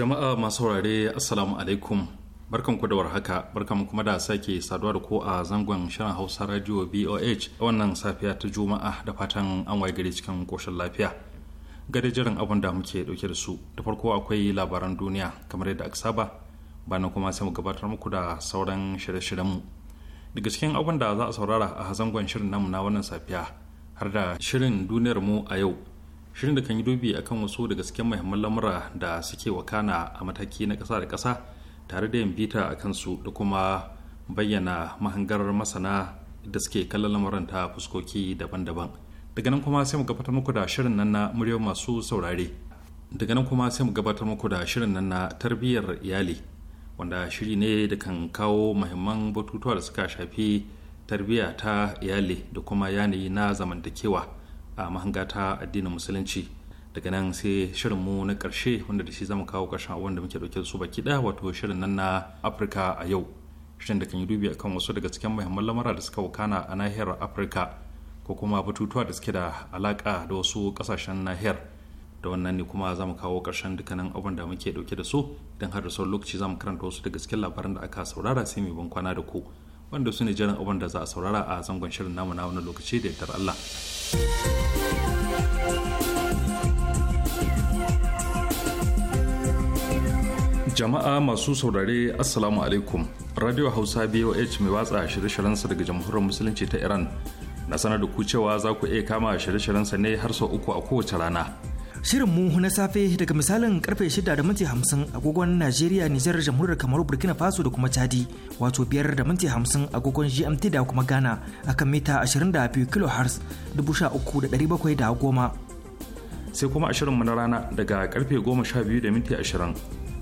jama'a masu saurare assalamu alaikum barkan ku da warhaka barkan kuma da sake saduwa da ko a zangon shirin hausa radio boh wannan safiya ta juma'a da fatan an waye gari cikin koshin lafiya gare jiran abin da muke dauke da su da farko akwai labaran duniya kamar yadda aka saba bana kuma sai mu gabatar muku da sauran shirye shiryen mu daga cikin abin da za a saurara a zangon shirin namu na wannan safiya har da shirin duniyar mu a yau shirin da kan yi dubi akan wasu daga cikin mahimman lamura da suke wakana a mataki na kasa da kasa tare da yin bita a kansu da kuma bayyana mahangar masana da suke kallon lamuran ta fuskoki daban-daban daga nan kuma sai mu gabatar muku da shirin nan na muryar masu saurare daga nan kuma sai mu gabatar muku da shirin nan na tarbiyyar iyali wanda shiri ne da kan kawo mahimman batutuwa da suka shafi tarbiyya ta iyali da kuma yanayi na zamantakewa a mahangata, addinin musulunci daga nan sai shirin mu na ƙarshe wanda da shi zama kawo ƙarshen abubuwan da muke ɗauke da su baki ɗaya wato shirin nan na afirka a yau shirin da kan yi dubi akan wasu daga cikin muhimman lamura da suka wakana a nahiyar afirka ko kuma batutuwa da suke da alaka da wasu ƙasashen nahiyar da wannan ne kuma za kawo karshen dukkanin abin da muke ɗauke da su idan har da sauran lokaci za karanta wasu daga cikin labaran da aka saurara sai mai ban kwana da ku wanda su ne jiran abin da za a saurara a zangon shirin namu na wani lokaci da yardar Allah. jama'a masu saurare assalamu alaikum radio hausa boh mai watsa shirye-shiryensa daga jamhuriyar musulunci ta iran na sanar da ku cewa za ku iya kama shirye sa ne har sau uku a kowace rana shirin mu na safe daga misalin karfe shida da minti hamsin agogon najeriya nijar jamhuriyar kamaru burkina faso da kuma chadi wato biyar da minti hamsin agogon gmt da kuma ghana akan mita 22 kilohertz goma sai kuma ashirin mu na rana daga karfe goma sha biyu da minti ashirin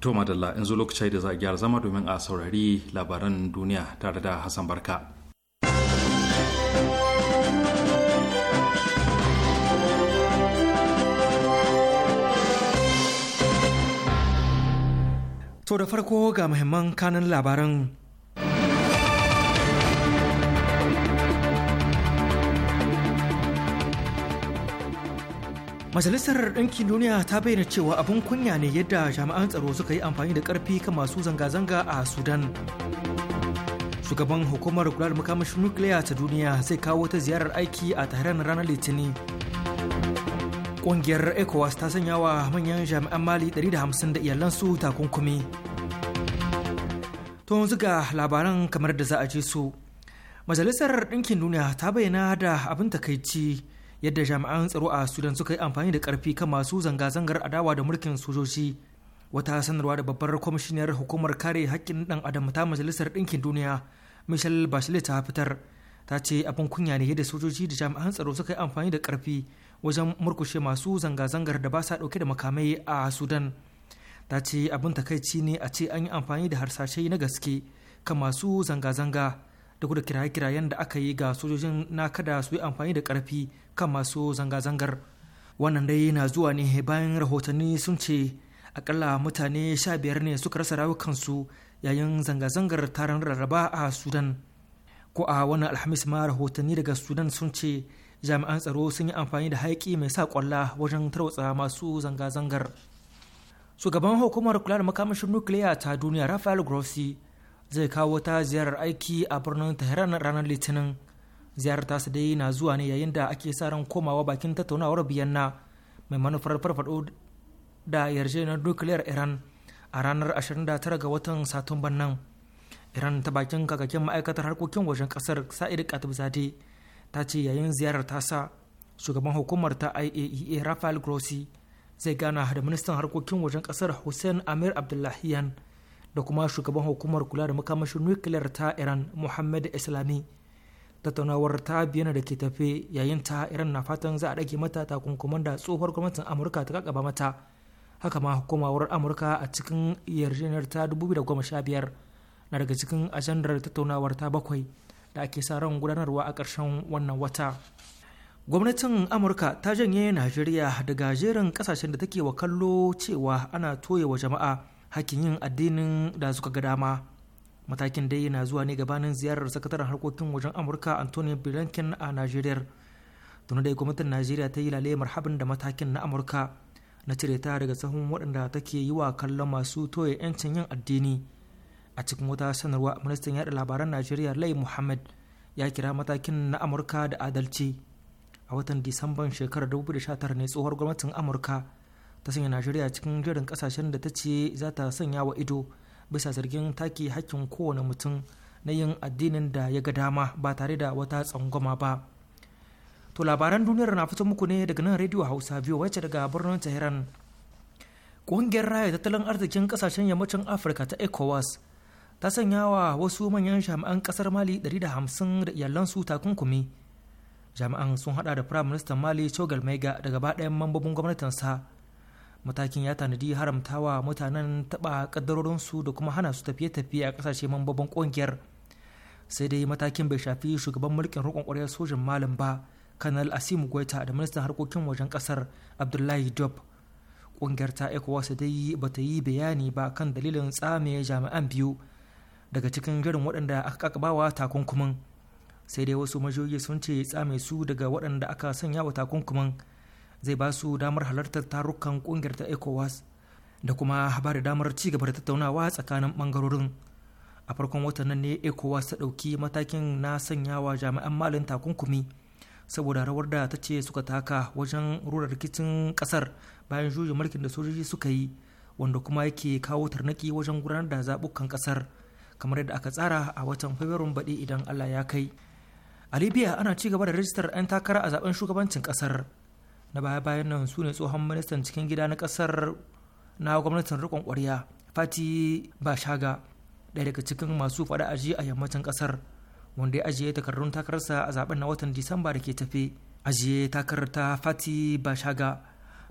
To madalla yanzu lokaci da za a gyara zama domin a saurari labaran duniya tare da Hassan Barka. To da farko ga muhimman kanan labaran majalisar ɗinkin duniya ta bayyana cewa abin kunya ne yadda jami'an tsaro suka yi amfani da ƙarfi kan masu zanga-zanga a sudan shugaban hukumar kula da makamashin nukiliya ta duniya zai kawo ta ziyarar aiki a tahiran ranar litinin ƙungiyar ecowas ta sanya wa manyan jami'an mali 150 da iyalansu takunkumi to yanzu ga labaran kamar da za a je su majalisar ɗinkin duniya ta bayyana da abin takaici yadda jami'an tsaro a sudan suka yi amfani da karfi kan masu zanga-zangar adawa da mulkin sojoji wata sanarwa da babbar kwamishinar hukumar kare haƙƙin ɗan adam ta majalisar ɗinkin duniya michelle bachelet ta fitar ta ce abin kunya ne yadda sojoji da jami'an tsaro suka yi amfani da karfi wajen murkushe masu zanga-zangar da ba sa ɗauke da makamai a sudan ta ce abin takaici ne a ce an yi amfani da harsashe na gaske kan masu zanga-zanga da kiraye-kirayen da aka yi ga sojojin na kada su yi amfani da karfi kan masu zanga-zangar wannan dai na zuwa ne bayan rahotanni sun ce akalla mutane sha biyar ne suka rasa rayukansu yayin zanga-zangar taron rarraba a sudan ko a wannan alhamis ma rahotanni daga sudan sun ce jami'an tsaro sun yi amfani da haiki mai sa kwalla wajen tarwatsa masu zanga-zangar shugaban hukumar kula da makamashin nukiliya ta duniya rafael grossi zai kawo ta ziyarar aiki a birnin tehran ranar litinin ziyarar tasa dai na zuwa ne yayin da ake sa ran komawa bakin tattaunawar biyanna mai manufar farfado da yarjejeniyar nukiliyar iran a ranar 29 ga watan satumban nan iran ta bakin kakakin ma'aikatar harkokin wajen kasar sa'id katibzade ta ce yayin ziyarar ta sa shugaban hukumar ta iaea e rafael grossi zai gana da ministan harkokin wajen kasar hussein amir abdullahiyan da kuma shugaban hukumar kula da makamashin nukiliyar ta iran muhammad islami tattaunawar ta biyana da ke tafe yayin ta iran na fatan za a dage mata takunkuman da tsohuwar gwamnatin amurka ta kakaba mata haka ma hukumawar amurka a cikin yarjejeniyar ta 2015 na daga cikin ajandar tattaunawar ta bakwai da ake sa ran gudanarwa a ƙarshen wannan wata gwamnatin amurka ta janye najeriya daga jerin kasashen da take wa kallo cewa ana toye wa jama'a hakkin yin addinin da suka ga dama matakin dai yana zuwa ne gabanin ziyarar sakataren harkokin wajen amurka anthony blinken a najeriya tuni dai gwamnatin najeriya ta yi lale marhabin da matakin na amurka na cire ta daga sahun waɗanda take yi wa kallon masu toye 'yancin yin addini a cikin wata sanarwa ministan yaɗa labaran najeriya lai muhammad ya kira matakin na amurka da adalci a watan disamban shekarar 2019 ne tsohuwar gwamnatin amurka ta sanya najeriya cikin jerin kasashen da ta ce za ta sanya wa ido bisa zargin taki hakkin kowane mutum na yin addinin da ya ga dama ba tare da wata tsangwama ba to labaran duniyar na fito muku ne daga nan rediyo hausa biyu wacce daga birnin tehran ƙungiyar raya tattalin arzikin kasashen yammacin afirka ta ecowas ta sanya wa wasu manyan jami'an kasar mali ɗari da da iyalansu takunkumi jami'an sun hada da firayim ministan mali shogal maiga daga gaba ɗayan mambobin gwamnatinsa matakin ya tanadi haramtawa mutanen taɓa ƙaddarorinsu da kuma hana su tafiye-tafiye a ƙasashe mambobin ƙungiyar sai dai matakin bai shafi shugaban mulkin roƙon ƙwaryar sojin malam ba kanal asimu goita da ministan harkokin wajen ƙasar abdullahi job ƙungiyar ta ecowas dai ba ta yi bayani ba kan dalilin tsame jami'an biyu daga cikin jirin waɗanda aka kakabawa takunkumin sai dai wasu majiyoyi sun ce tsame su daga waɗanda aka sanya wa takunkumin zai ba su damar halartar tarukan kungiyar ta ecowas da kuma ba da damar ci gaba da tattaunawa tsakanin bangarorin a farkon watan nan ne ecowas ta ɗauki matakin na sanya wa jami'an malin takunkumi saboda rawar da ta ce suka taka wajen rura rikicin kasar bayan juyin mulkin da sojoji suka yi wanda kuma yake kawo tarnaki wajen gudanar da zaɓukan kasar kamar yadda aka tsara a watan fabrairun baɗi idan allah ya kai a libya ana ci gaba da rajistar 'yan takara a zaben shugabancin kasar na baya-bayan nan su ne tsohon ministan cikin gida na kasar na gwamnatin rikon kwarya fati bashaga ɗaya daga cikin masu faɗa aji a yammacin kasar wanda ya ajiye takardun takararsa a zaben na watan disamba da ke tafe ajiye takarar ta fati bashaga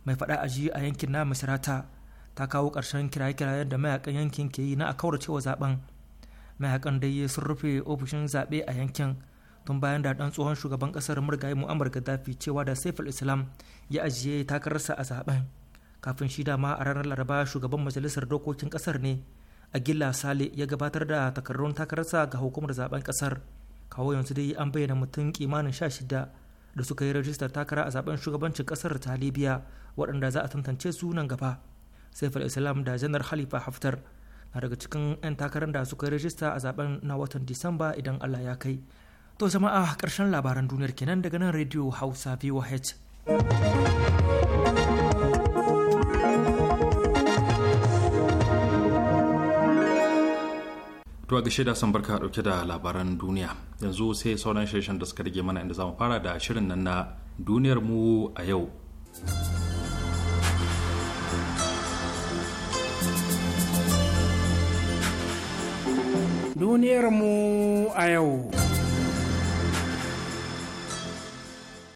mai faɗa aji a yankin na misirata ta kawo ƙarshen kiraye-kirayen da mayakan yankin ke yi na a kauracewa zaben mayakan dai sun rufe ofishin zaɓe a yankin tun bayan da dan tsohon shugaban kasar murgaye mu'ammar gaddafi cewa da saifal islam ya ajiye takararsa a zaben kafin shi dama a ranar laraba shugaban majalisar dokokin kasar ne a gilla sale ya gabatar da takarrun takararsa ga hukumar zaben kasar kawo yanzu dai an bayyana mutum kimanin sha shida da suka yi rajistar takara a zaben shugabancin kasar ta libya waɗanda za a tantance su nan gaba saifal islam da janar halifa haftar na daga cikin 'yan takarar da suka yi rajista a zaben na watan disamba idan allah ya kai To zama a karshen labaran duniyar kenan daga nan Radio Hausa VOH. a gashe da san barka dauke da labaran duniya yanzu sai sauran shirin da suka rage mana inda zamu fara da shirin nan na duniyar mu a yau. Duniyar mu a yau.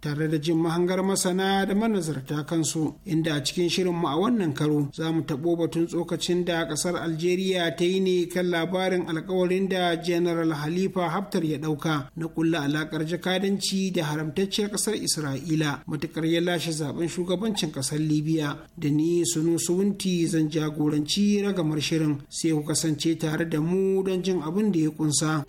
tare da jin mahangar masana da manazarta kansu inda a cikin shirinmu a wannan karo za mu taɓo batun tsokacin da ƙasar algeria ta yi ne kan labarin alkawarin da general halifa haftar ya ɗauka na ƙulla alaƙar jakadanci da haramtacciyar ƙasar isra'ila matuƙar ya lashe zaben shugabancin ƙasar libya da ni sunu suwunti zan jagoranci ragamar shirin sai ku kasance tare da mu don jin abin da ya ƙunsa.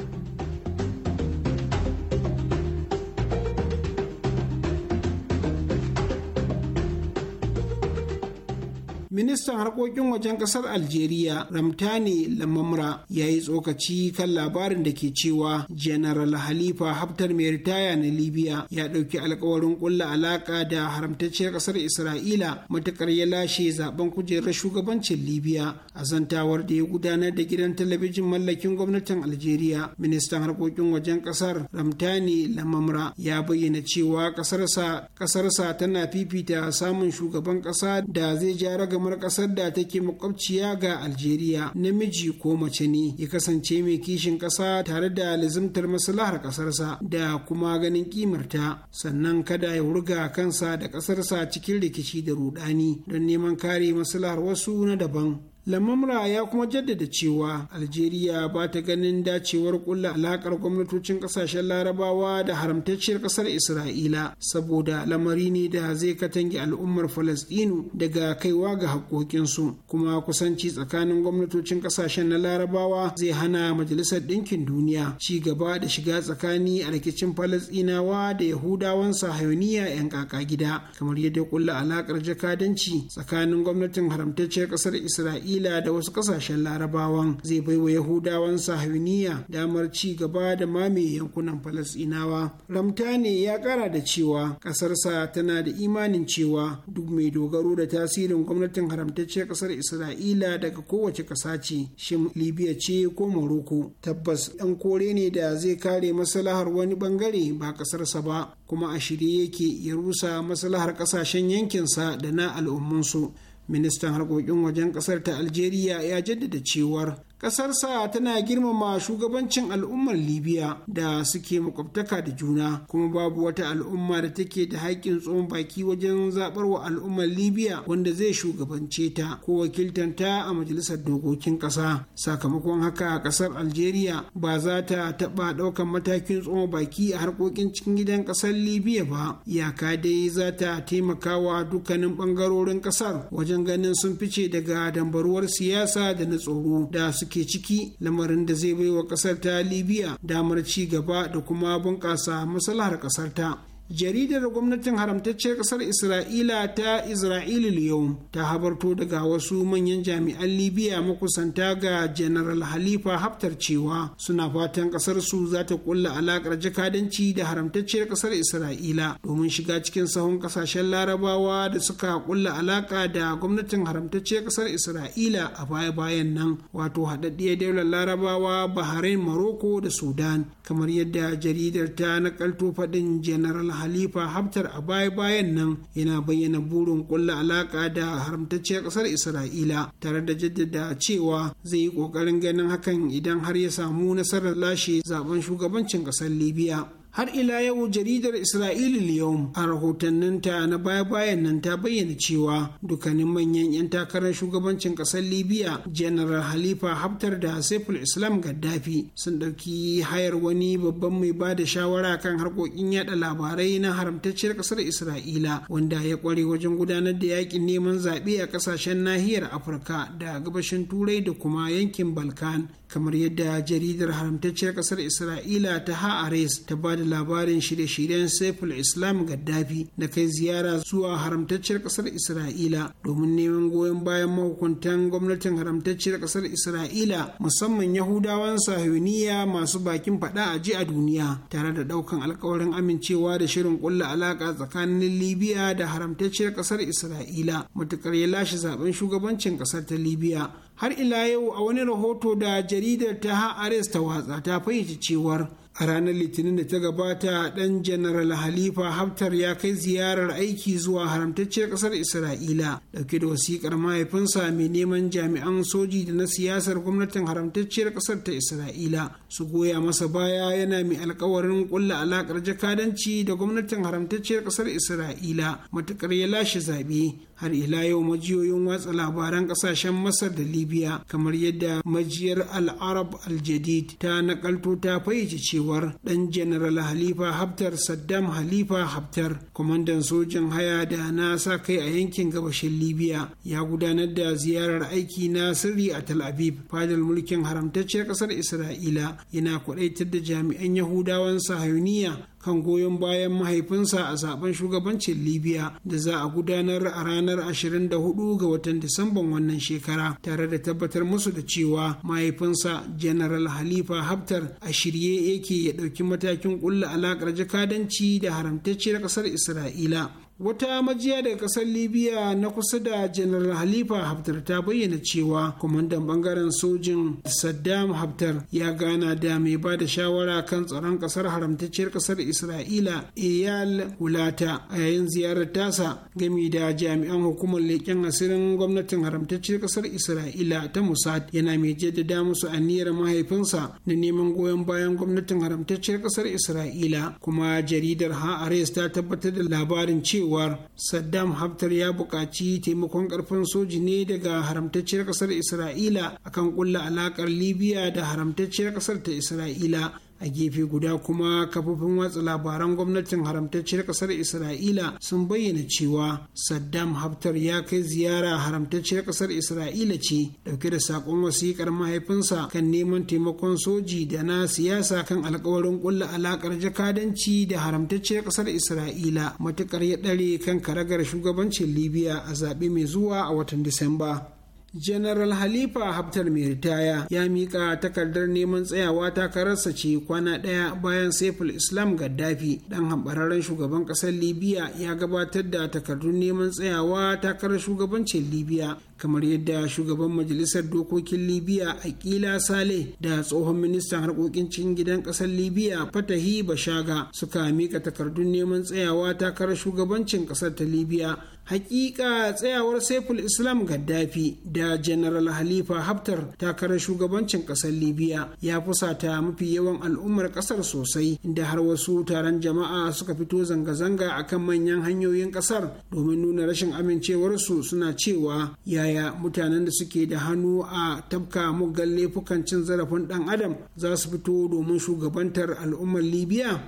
ministan harkokin wajen kasar algeria ramtani lamamra ya yi tsokaci kan labarin da ke cewa general halifa haftar mai ritaya na libya ya ɗauki alkawarin ƙulla alaka da haramtacciyar kasar isra'ila matukar ya lashe zaben kujerar shugabancin libya a zantawar da ya gudanar da gidan talabijin mallakin gwamnatin algeria ministan harkokin wajen kasar ramtani lamamra ya bayyana cewa kasarsa tana fifita samun shugaban kasa da zai ja ragamar kamar kasar da take makwabciya ga algeria namiji ko mace ne ya kasance mai kishin kasa tare da lizimtar maslahar kasarsa da kuma ganin kimarta sannan kada ya wurga kansa da kasarsa cikin rikici da rudani don neman kare maslahar wasu na daban lamamra ya kuma jaddada cewa algeria ba ta ganin dacewar kulla alakar gwamnatocin kasashen larabawa da haramtacciyar kasar isra'ila saboda lamari ne da zai katange al'ummar falasdinu daga kaiwa ga haƙoƙinsu kuma kusanci tsakanin gwamnatocin kasashen na larabawa zai hana majalisar ɗinkin duniya ci gaba da shiga tsakani a rikicin falasdinawa da yahudawan sahayoniya 'yan kaka gida kamar yadda kulla alakar jakadanci tsakanin gwamnatin haramtacciyar kasar isra'ila isra'ila da wasu kasashen larabawan zai baiwa yahudawan sahuniya damar ci gaba da mame yankunan falasinawa ne ya kara da cewa kasarsa tana da imanin cewa duk mai dogaro da tasirin gwamnatin haramtacciyar kasar isra'ila daga kowace kasa ce shin libya ce ko morocco tabbas ɗan kore ne da zai kare maslahar wani bangare ba kasarsa ba kuma a shirye yake ya rusa maslahar kasashen yankinsa da na al'ummansu ministan harkokin wajen kasar ta algeria ya jaddada cewar kasarsa tana girmama shugabancin al'ummar libya da suke makwabtaka da juna kuma babu wata al'umma da take da haƙƙin tsohon baki wajen zaɓar wa al'ummar libya wanda zai shugabance ta ko wakiltanta a majalisar dokokin ƙasa sakamakon haka ƙasar algeria ba za ta taɓa ɗaukan matakin tsohon baki a harkokin cikin gidan ƙasar libya ba iyaka dai za ta taimakawa dukkanin ɓangarorin ƙasar wajen ganin sun fice daga dambaruwar siyasa da na tsoro da suke ke ciki lamarin da zai baiwa kasar ta libya damar ci gaba da kuma bunƙasa maslahar kasar ta jaridar gwamnatin haramtacciyar kasar isra'ila ta isra'il yau ta habarto daga wasu manyan jami'an libya makusanta ga general halifa haftar cewa suna fatan kasar su za ta kulla alakar jakadanci da haramtacciyar kasar isra'ila domin shiga cikin sahun kasashen larabawa da suka kulla alaka da gwamnatin haramtacciyar kasar isra'ila a baya bayan nan wato haɗaɗɗiyar daular larabawa bahrain maroko da sudan kamar yadda jaridar ta nakalto faɗin general halifa haftar a baya-bayan nan yana bayyana burin kulla alaka da haramtacciyar kasar isra'ila tare da jaddada cewa zai yi kokarin ganin hakan idan har ya samu nasarar lashe zaben shugabancin kasar libya har ila yau jaridar isra'ili liyom a rahotanninta na baya-bayan nan ta bayyana cewa dukkanin manyan 'yan takarar shugabancin kasar libya general halifa haftar da saiful islam gaddafi sun ɗauki hayar wani babban mai ba da shawara kan harkokin yada labarai na haramtacciyar kasar isra'ila wanda ya kware wajen gudanar da yakin neman zaɓe a kasashen nahiyar afirka da gabashin turai da kuma yankin balkan kamar yadda jaridar haramtacciyar kasar isra'ila ta ha'ares ta ba da labarin shirye-shiryen saiful islam gaddafi na kai ziyara zuwa haramtacciyar kasar isra'ila domin neman goyon bayan mahukuntan gwamnatin haramtacciyar kasar isra'ila musamman yahudawan sahiyoniya masu bakin faɗa a ji a duniya tare da ɗaukan alkawarin amincewa da shirin ƙulla alaƙa tsakanin libya da haramtacciyar kasar isra'ila matukar ya lashe zaben shugabancin kasar ta libya har ila yau a wani rahoto da jaridar ta ha'ares ta watsa ta fahimta cewar a ranar litinin da ta gabata dan janaral halifa haftar ya kai ziyarar aiki zuwa haramtacciyar kasar isra'ila dauke da wasikar mahaifinsa mai neman jami'an soji da na siyasar gwamnatin haramtacciyar kasar ta isra'ila su goya masa baya yana mai alkawarin kulla alakar jakadanci da gwamnatin haramtacciyar kasar isra'ila matukar ya lashe zaɓe har ila yau majiyoyin watsa labaran kasashen masar da libya kamar yadda majiyar al-arab al-jadid ta nakalto ta fayyace cewar dan general halifa haftar saddam halifa haftar kwamandan sojin haya da na sa kai a yankin gabashin libya ya gudanar da ziyarar aiki na sirri a tel aviv fadar mulkin haramtacciyar kasar isra'ila yana kwadaitar da jami'an yahudawan sahayuniya kan goyon bayan mahaifinsa a zaben shugabancin libya da za a gudanar a ranar 24 ga watan disamban wannan shekara tare da tabbatar musu da cewa mahaifinsa general halifa haftar a shirye yake ya dauki matakin ƙulla alaƙar jakadanci da haramtacciyar kasar isra'ila wata majiya daga kasar libya na kusa da janar halifa haftar ta bayyana cewa kwamandan bangaren sojin saddam haftar ya gana da mai ba da shawara kan tsaron kasar haramtacciyar kasar isra'ila eyal hulata a yayin ziyarar tasa gami da jami'an hukumar leƙen asirin gwamnatin haramtacciyar kasar isra'ila ta musad yana mai jaddada musu aniyar mahaifinsa na neman goyon bayan gwamnatin haramtacciyar kasar isra'ila kuma jaridar ha'ares ta tabbatar da labarin cewa cewar saddam haftar ya buƙaci taimakon ƙarfin soji ne daga haramtacciyar ƙasar isra'ila akan ƙulla alaƙar libya da haramtacciyar ƙasar ta isra'ila a gefe guda kuma kafofin watsa labaran gwamnatin haramtacciyar kasar isra'ila sun bayyana cewa saddam haftar ya kai ziyara haramtacciyar kasar isra'ila ce dauke da sakon wasikar mahaifinsa kan neman taimakon soji da na siyasa kan alkawarin kulla alakar jakadanci da haramtacciyar kasar isra'ila matukar ya dare kan karagar shugabancin libya a zaɓe mai zuwa a watan disamba General Halifa Haftar mai ritaya ya miƙa takardar neman tsayawa takararsa ce kwana ɗaya bayan Saiful Islam Gaddafi ɗan hambararren shugaban ƙasar Libya ya gabatar da takardun neman tsayawa takarar shugabancin Libya kamar yadda shugaban majalisar dokokin libya akila sale da tsohon ministan harkokin cikin gidan kasar libya fatahi bashaga suka mika takardun neman tsayawa takarar shugabancin kasar ta libya hakika tsayawar saiful islam gaddafi da general halifa haftar takarar shugabancin kasar libya ya fusata mafi yawan al'ummar kasar sosai inda har wasu taron jama'a suka fito zanga-zanga akan manyan hanyoyin kasar domin nuna rashin amincewarsu suna cewa yaya daya mutanen da suke da hannu a tabka muggan laifukan cin zarafin dan adam za su fito domin shugabantar al'ummar libya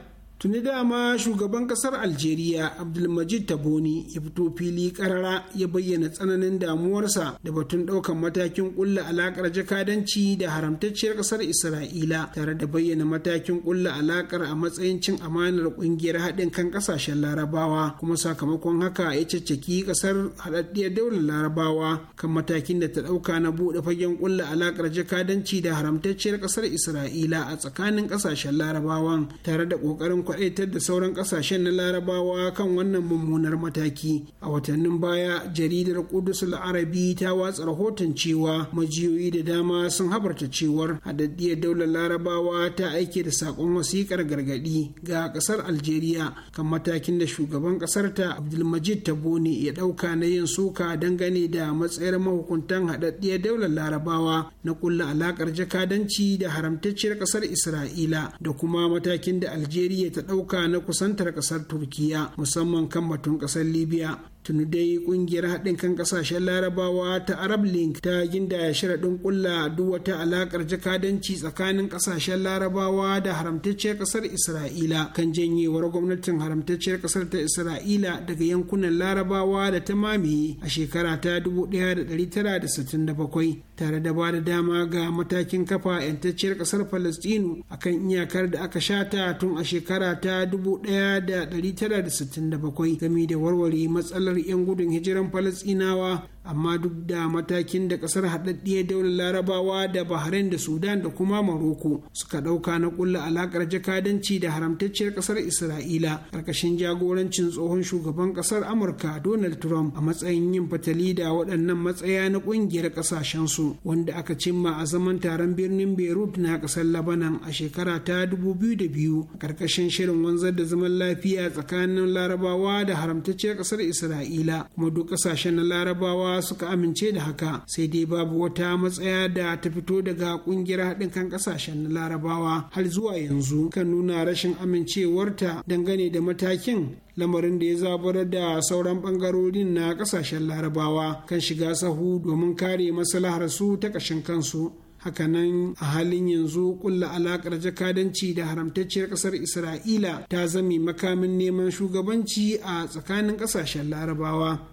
tuni dama shugaban kasar algeria abdulmajid taboni ya fito fili karara ya bayyana tsananin damuwarsa da batun daukan matakin ƙulla alaƙar jakadanci da haramtacciyar kasar isra'ila tare da bayyana matakin ƙulla alakar a matsayin cin amanar kungiyar haɗin kan kasashen larabawa kuma sakamakon haka ya caccaki kasar haɗaɗɗiyar daular larabawa kan matakin da ta ɗauka na buɗe fagen ƙulla alakar jakadanci da haramtacciyar kasar isra'ila a tsakanin kasashen larabawan tare da ƙoƙarin kwadaitar da sauran kasashen na larabawa kan wannan mummunar mataki a watannin baya jaridar kudusul arabi ta watsa rahoton cewa majiyoyi da dama sun habarta cewar haɗaɗɗiyar daular larabawa ta aike da saƙon wasiƙar gargaɗi ga ƙasar algeria kan matakin da shugaban ƙasar ta abdulmajid taboni ya ɗauka na yin suka dangane da matsayar mahukuntan haɗaɗɗiyar daular larabawa na kulla alaƙar jakadanci da haramtacciyar ƙasar isra'ila da kuma matakin da algeria ta ɗauka na kusantar ƙasar turkiya musamman kan batun ƙasar libya tunu dai kungiyar haɗin kan ƙasashen larabawa ta arab link ta ginda ya sharaɗin ƙulla duk wata alaƙar jakadanci tsakanin ƙasashen larabawa da haramtacciyar ƙasar isra'ila kan janyewar gwamnatin haramtacciyar ƙasar ta isra'ila daga yankunan larabawa da ta mamaye a shekara ta 1967 tare da ba da dama ga matakin kafa 'yantacciyar ƙasar falastinu akan iyakar da aka shata tun a shekara ta 1967 game da warware matsalar matsalar 'yan gudun hijiran falasinawa amma duk da matakin da kasar ya daular larabawa da bahrain da sudan da kuma maroko suka ɗauka na ƙulla alaƙar jakadanci da haramtacciyar kasar isra'ila ƙarƙashin jagorancin tsohon shugaban ƙasar amurka donald trump a matsayin yin fatali da waɗannan matsaya na ƙungiyar ƙasashensu wanda aka cimma a zaman taron birnin beirut na ƙasar labanan a shekara ta 2002 ƙarƙashin shirin wanzar da zaman lafiya tsakanin larabawa da haramtacciyar ƙasar isra'ila kuma duk ƙasashen na larabawa larabawa suka amince da haka sai dai babu wata matsaya da ta fito daga kungiyar haɗin kan ƙasashen larabawa har zuwa yanzu kan nuna rashin amincewarta dangane da matakin lamarin da ya zabar da sauran bangarorin na ƙasashen larabawa kan shiga sahu domin kare maslahar su ta ƙashin kansu hakanan a halin yanzu kulla alakar jakadanci da haramtacciyar ƙasar isra'ila ta zami makamin neman shugabanci a tsakanin ƙasashen larabawa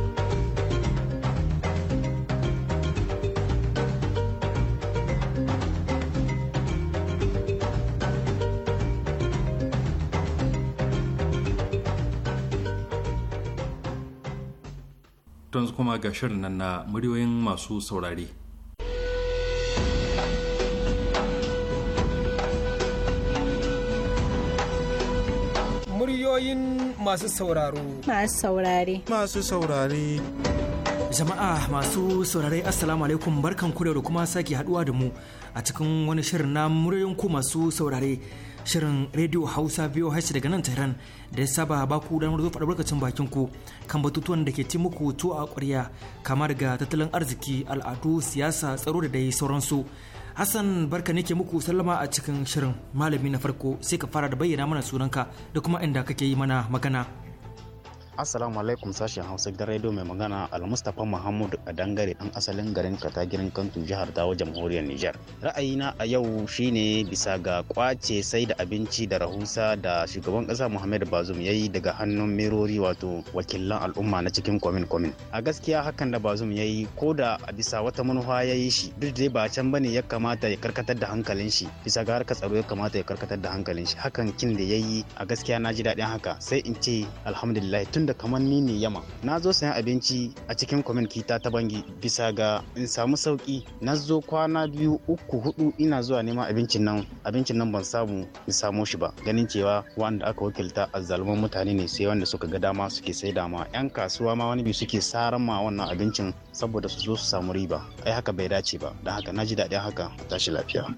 don kuma ga shirin nan na muryoyin masu saurare. Muryoyin masu sauraro. Masu saurare. Masu saurare. Jama'a masu saurare Assalamu alaikum barkan ku da kuma sake haduwa da mu a cikin wani shirin na muryoyin ku masu saurare. shirin rediyo hausa biyu hashi daga nan tehran da ya saba ba ku dan zo faɗa barkacin bakin ku kan batutuwan da ke ci muku to a ƙwarya kama daga tattalin arziki al'adu siyasa tsaro da dai sauransu hassan barka ne ke muku sallama a cikin shirin malami na farko sai ka fara da bayyana mana sunanka da kuma inda kake yi mana magana. Assalamu alaikum sashen Hausa da Radio mai magana Al-Mustapha Muhammad dangare dan asalin garin Katagirin Kantu jihar Dawo jamhuriyar Nijar. Ra'ayina a yau shine bisa ga kwace sai da abinci da rahusa da shugaban kasa Muhammad Bazoum yayi daga hannun merori wato wakilan al'umma na cikin komin komin. A gaskiya hakan da Bazoum yayi ko da a bisa wata manufa yayi shi duk dai ba can bane ya kamata ya karkatar da hankalin shi bisa ga harkar tsaro ya kamata ya karkatar da hankalin shi hakan kin da yayi a gaskiya na ji daɗin haka sai in ce alhamdulillah tun da kamar ni ne yama na zo sayan abinci a cikin kwamin kita ta bangi bisa ga in samu sauki na zo kwana biyu uku hudu ina zuwa neman abincin nan abincin nan ban samu in samo shi ba ganin cewa wanda aka wakilta a zalman mutane ne sai wanda suka ga dama suke sai dama yan kasuwa ma wani biyu suke saran ma wannan abincin saboda su zo su samu riba ai haka bai dace ba don haka na ji daɗin haka tashi lafiya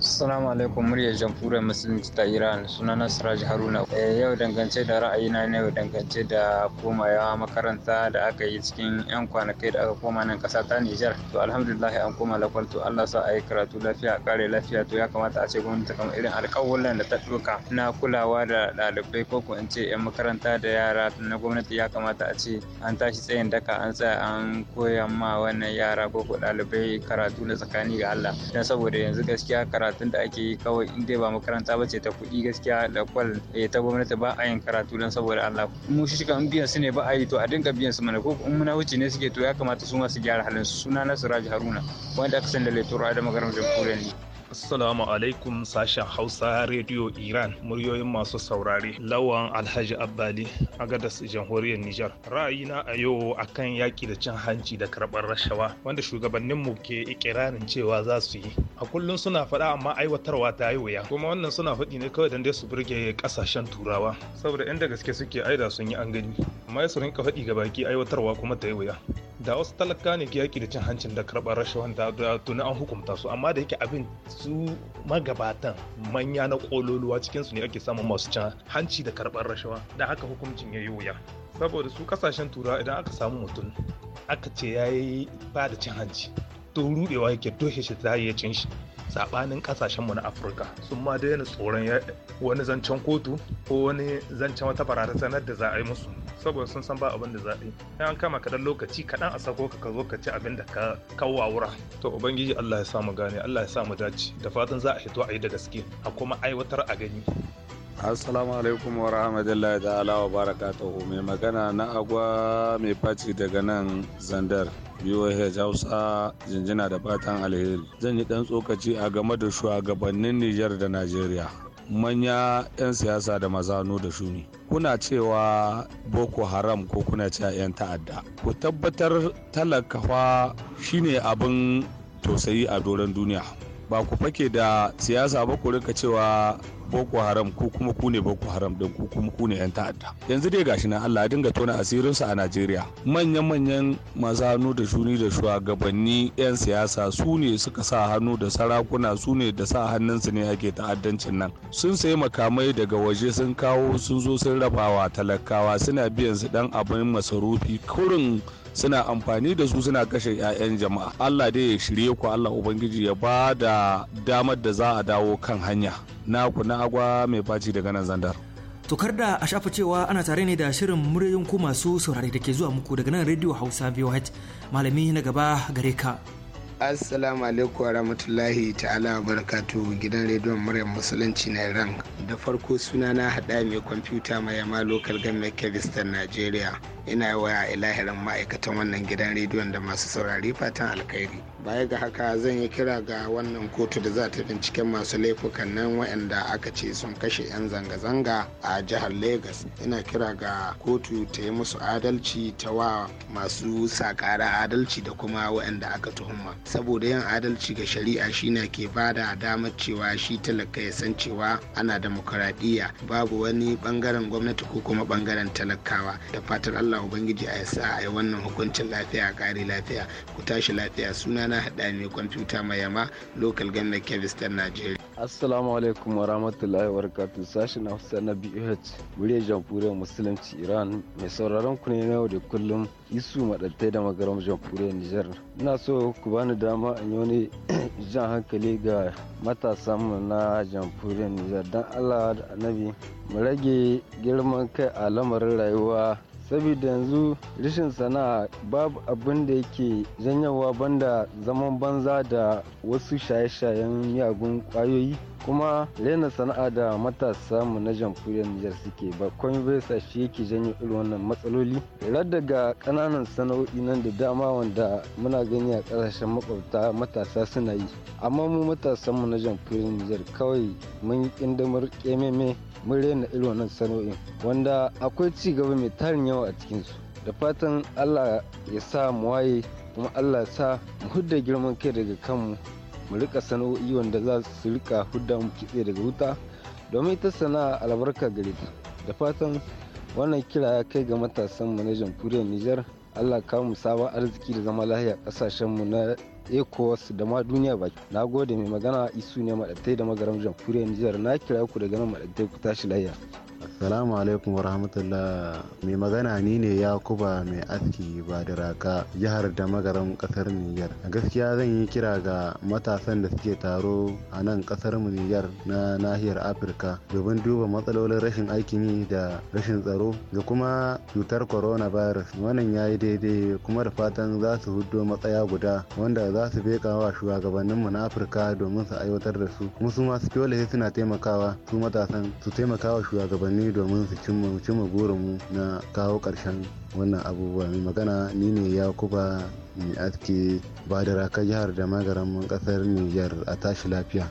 Assalamu alaikum muryar jamhuriyar musulunci ta Iran Suna Siraj Haruna. Eh, yau dangance da ra'ayina na yau dangance da komawa makaranta da aka yi cikin 'yan kwanakai da aka koma nan kasa ta Nijar. To alhamdulillah an koma lakwal to Allah sa a yi karatu lafiya kare lafiya to ya kamata a ce gwamnati kamar irin alƙawullan da ta ɗauka na kulawa da ɗalibai ko ko in ce 'yan makaranta da yara na gwamnati ya kamata a ce an tashi tsayin daka an tsaya an koya ma wannan yara ko ko ɗalibai karatu na tsakani ga Allah. Dan saboda yanzu gaskiya karatu karatun da ake yi kawai in dai ba makaranta ba ce ta kuɗi gaskiya da kwal eh, ta gwamnati ba a yin karatu don saboda Allah mu shi in biyan su ne ba a yi to a dinga biyan su mana ko in muna wuce ne suke to ya kamata su ma su gyara halin su suna na Siraj Haruna wanda aka san da Letoro Adamu Garin Jamhuriyar Assalamu alaikum sashen Hausa Radio Iran muryoyin masu saurare lawan Alhaji Abbali a gadas jamhuriyar Nijar. Ra'ayi na a yau akan yaƙi da cin hanci da karɓar rashawa wanda shugabanninmu ke ikirarin cewa za su yi. A kullum suna faɗa amma aiwatarwa ta yi wuya kuma wannan suna faɗi ne kawai dan dai su burge ƙasashen turawa saboda inda gaske suke aida sun yi an gani amma su rinka faɗi ga baki aiwatarwa kuma ta yi wuya. Da wasu talaka ne ke yaƙi da cin hancin da karɓar rashawa da tuni an hukunta su amma da yake abin su magabatan manya na kololuwa cikinsu ne ake samun masu can hanci da karɓar rashawa da haka hukuncin ya yi wuya saboda su kasashen turawa idan aka samu mutum aka ce ya yi ba da cin hanci to rudewa yake toshe shi ta hayyacin shi sabanin kasashen mu na afirka sun ma daina tsoron wani zancen kotu ko wani zancen wata barata sanar da za a yi musu saboda sun san ba abin da za a yi an kama kaɗan lokaci kaɗan a sako ka zo ka ci abin da ka kawo wura. to ubangiji Allah ya sa mu gane Allah ya sa mu dace da fatan za a fito a yi da gaske a kuma aiwatar a gani assalamu alaikum wa rahmatullahi ta'ala wa barakatuhu mai magana na agwa mai faci daga nan zandar uh Hausa jinjina da fatan alheri zan yi dan tsokaci a game da shugabannin Nijar da Najeriya manya 'yan siyasa da mazanu da shuni kuna cewa boko haram ko kuna cewa 'yan ta'adda ku tabbatar talakawa shine abin tausayi a doron duniya ba ku fake da siyasa ba ku rika cewa boko haram ko kuma ku ne boko haram din ku kuma ku ne yan ta'adda yanzu dai gashi nan Allah ya dinga tona asirin su a Najeriya manyan manyan maza hannu da shuni da shugabanni yan siyasa su ne suka sa hannu da sarakuna su ne da sa hannun su ne ake ta'addancin nan sun sayi makamai daga waje sun kawo sun zo sun rabawa talakawa suna biyan su dan abin masarufi kurin suna amfani da su suna kashe 'ya'yan jama'a Allah dai ya shirye ku Allah Ubangiji ya ba da damar da za a dawo kan hanya na kunnan agwa mai faci daga nan zandar. Tokar da a shafa cewa ana tare ne da shirin muryoyin ku masu saurari da ke zuwa muku daga nan Radio Hausa VOH malami na gaba gare ka. Assalamu alaikum rahmatullahi ta'ala barakatu gidan rediyon muryar musulunci na Iran. Da farko suna na haɗa mai kwamfuta mai yama lokal government Kevistan nigeria Ina yawa ilahirin ma'aikatan wannan gidan rediyon da masu saurari fatan alkhairi. baya ga haka zan yi kira ga wannan kotu da za ta binciken masu laifukan nan waɗanda aka ce sun kashe 'yan zanga-zanga a jihar lagos ina kira ga kotu ta yi musu adalci ta wa masu sakara adalci da kuma waɗanda aka tuhuma saboda yin adalci ga shari'a shine ke ba da damar cewa shi talaka ya san cewa ana demokaradiyya babu wani bangaren gwamnati ko kuma bangaren talakawa da fatar allah ubangiji a yasa a yi wannan hukuncin lafiya a kare lafiya ku tashi lafiya suna ana haɗa mai kwamfuta mai yama local gannan kevistan nigeria assalamu alaikum wa rahmatullahi wa barakatuh sashen hausa na boh muryar jamhuriyar musulunci iran mai sauraron ku ne na yau da kullum isu madattai da magaram jamhuriyar nijar ina so ku bani dama in yi jan hankali ga matasanmu na jamhuriyar nijar don allah da annabi mu rage girman kai a lamarin rayuwa saboda yanzu rashin sana'a babu abin da yake janyarwa banda zaman banza da wasu shaye-shayen miyagun kwayoyi kuma rena sana'a da matasa mu na jamhuriyar niger suke ba komai shi yake janyo irin wannan matsaloli rad daga ƙananan sana'o'i nan da dama wanda muna gani a ƙasashen makwabta matasa suna yi amma mu matasan mu na jamhuriyar niger kawai mun yi kindamar kememe mun rena irin wannan sana'o'in wanda akwai ci gaba mai tarin yawa a cikin su da fatan Allah ya sa mu waye kuma Allah ya sa mu hudda girman kai daga kanmu mu rika sana'o'i wanda za su rika hudda mu kitse daga wuta domin ta sana'a albarka gare ta da fatan wannan kira ya kai ga matasan na kuriyar nijar allah kamu sabon arziki da zama lahiya kasashen mu na ecowas da ma duniya baki na gode mai magana isu ne maɗattai da magaram jamhuriyar nijar na kira ku daga nan maɗattai ku tashi lahiya Assalamu alaikum wa rahmatullah. Mai magana ni ne Yakuba mai aski ba da raka jihar da magaran kasar Niger. A gaskiya zan yi kira ga matasan da suke taro a nan kasar Niger na nahiyar Afirka domin duba matsalolin rashin aikin yi da rashin tsaro da kuma cutar corona coronavirus. Wannan ya yi daidai kuma da fatan za su hudo matsaya guda wanda za su beka wa shugabanninmu na Afirka domin su aiwatar da su. Kuma su masu kyole suna taimakawa su matasan su taimakawa shugabannin shugabanni domin su cimma cimma mu na kawo ƙarshen wannan abubuwa mai magana ni ne yakuba mai aski badara ka jihar da magaran ƙasar niger a tashi lafiya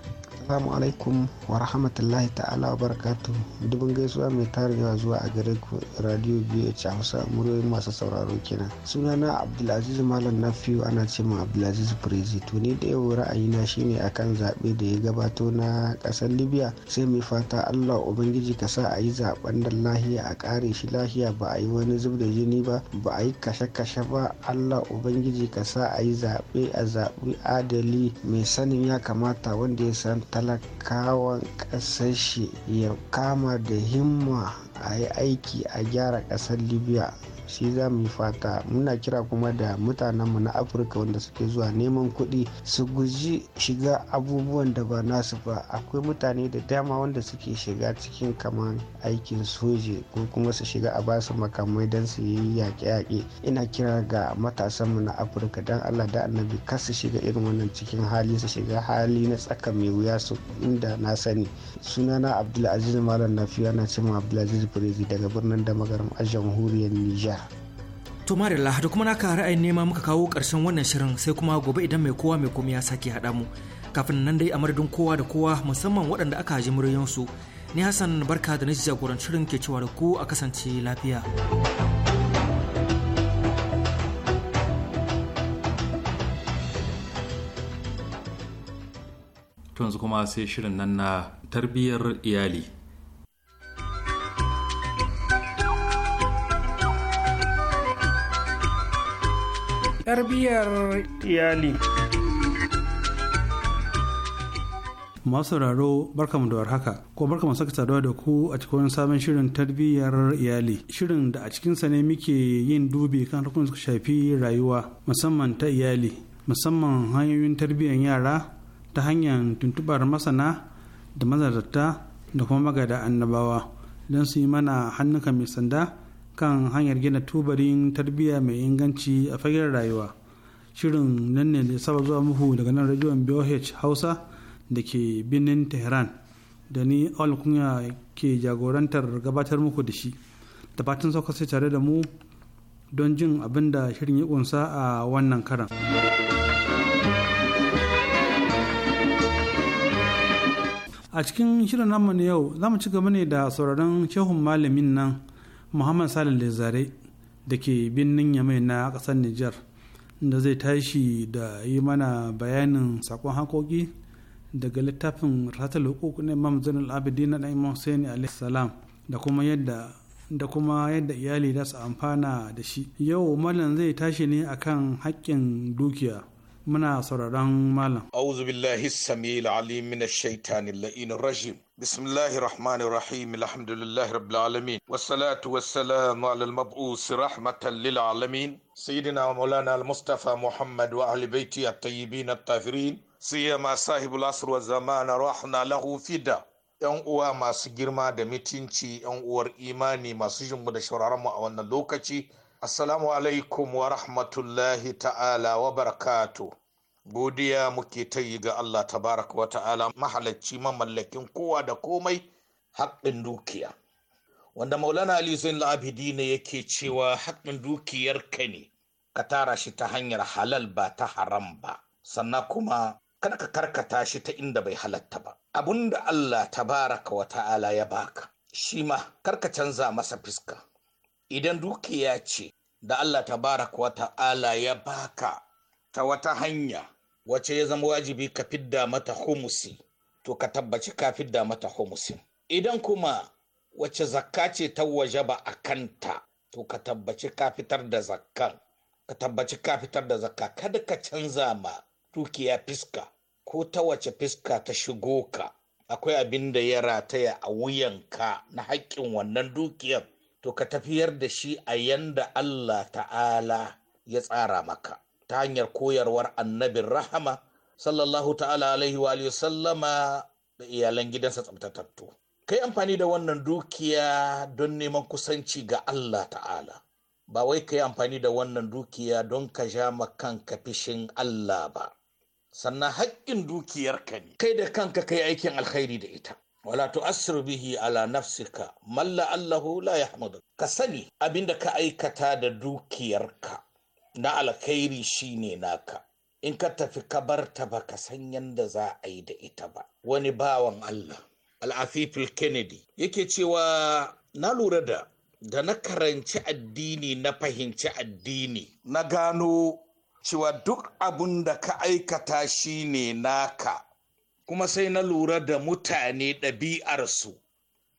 Assalamu alaikum wa rahmatullahi ta'ala wa barakatu. Dubin gaisuwa mai tarewa zuwa a gare ku radio BH Hausa muryoyin masu sauraro kenan. Sunana Abdulaziz Malam Nafiu ana ce ma Abdulaziz Prezi. To ni da yau ra'ayina shine akan zaɓe da ya gabato na ƙasar Libya sai mai fata Allah Ubangiji ka sa a yi zaɓen da lahiya a ƙare shi lahiya ba a yi wani zub da jini ba ba a yi kashe-kashe ba Allah Ubangiji ka sa a yi zaɓe a zaɓi adali mai sanin ya kamata wanda ya san talakawan ƙasar shi ya kama da himma a yi aiki a gyara ƙasar libya shi za mu fata muna kira kuma da mutanenmu na afirka wanda suke zuwa neman kuɗi su guji shiga abubuwan da ba nasu ba akwai mutane da dama wanda suke shiga cikin kamar aikin soji ko kuma su shiga a basu makamai don su yi yaƙe-yaƙe ina kira ga matasanmu na afirka don allah da annabi kar su shiga irin wannan cikin hali su shiga hali na tsaka mai wuya su inda na sani sunana abdulaziz malam na nafiya na cimma abdulaziz firezi daga birnin damagaram a jamhuriyar nijar To Marilla da kuma naka ra'ayin nema muka kawo ƙarshen wannan shirin sai kuma gobe idan mai kowa mai komai ya sake haɗa mu. Kafin nan dai a madadin kowa da kowa musamman waɗanda aka ji muryansu. Ni Hassan barka da na jagoran shirin ke cewa da ku a kasance lafiya. To yanzu kuma sai shirin nan na tarbiyyar iyali. tarbiyyar iyali. masu sauraro barkamu da warhaka ko barkamu saka saduwa da ku a cikin sabon shirin tarbiyyar iyali shirin da a cikinsa ne muke yin dubi kan rukun suka shafi rayuwa musamman ta iyali musamman hanyoyin tarbiyyar yara ta hanyar tuntubar masana da mazarta da kuma magada annabawa don su yi mana hannuka mai sanda kan hanyar gina tubarin tarbiyya mai inganci a fagen rayuwa shirin nan ne da saba zuwa muhu daga nan rajiyon BOH Hausa da ke birnin Tehran da ni awal kunya ke jagorantar gabatar muku da shi da fatan sauka sai tare da mu don jin abin da shirin ya kunsa a wannan karan. a cikin shirin namu na yau za mu ci gaba ne da sauraron shehun malamin nan muhammad salih lezare da ke birnin yamai na ƙasar niger da zai tashi da yi mana bayanin sakon hakoki daga littafin ratar hukuk na imam zanen al'abidi na ɗan imam hussein alaihi salam da kuma yadda da kuma yadda iyali za su amfana da shi yau malam zai tashi ne akan haƙƙin dukiya muna sauraron malam auzu billahi samil alim min ash-shaytanir بسم الله الرحمن الرحيم الحمد لله رب العالمين والصلاة والسلام على المبعوث رحمة للعالمين سيدنا ومولانا المصطفى محمد وأهل بيته الطيبين الطاهرين سيما صاحب العصر والزمان روحنا له فدا yan uwa masu girma da mitinci yan uwar imani masu jinmu da shawararmu a wannan lokaci assalamu alaikum wa rahmatullahi ta'ala wa barakatuh godiya muke ta yi ga Allah tabaraka wa ta'ala mahalarci mamallakin kowa da komai haƙƙin dukiya wanda maulana ali zain la'abidi ne yake cewa haƙƙin dukiyar ka ne ka tara shi ta hanyar halal ba ta haram ba sannan kuma kada ka karkata shi ta inda bai halatta ba Abun da Allah tabaraka wa ta'ala ya baka shi ma karka canza masa fiska idan dukiya ce da Allah tabaraka wa ta'ala ya baka ta wata hanya wace ya zama wajibi ka fidda mata humusi to ka tabbaci ka fidda mata humusin idan kuma wace zakka ce ta waje ba a kanta to ka tabbaci ka fitar da zakkan ka tabbaci ka fitar da zakka kada ka canza ma dukiya fiska ko ta wace fiska ta shigo ka akwai abin da ya rataya a wuyanka na haƙƙin wannan dukiyar to ka tafiyar da shi a yanda Allah ta'ala ya tsara maka ta hanyar koyarwar annabin rahama sallallahu ta'ala alaihi wa sallama da iyalan gidansa tsabtatattu kai amfani da wannan dukiya don neman kusanci ga Allah ta'ala ba wai kai amfani da wannan dukiya don ka sha kanka fishin Allah ba sannan haƙƙin dukiyarka ne kai da kanka kai aikin alkhairi da ita wala tu'assir bihi ala nafsika malla Allahu la yahmadu ka sani abinda ka aikata da dukiyarka na alkhairi shine naka in ka tafi kabarta ba ka san yadda za a yi da ita ba wani bawan Allah al'afifil kennedy yake cewa na lura da da na karanci addini na fahimci addini na gano cewa duk abun da ka aikata shine naka kuma sai na lura da mutane ɗabi'arsu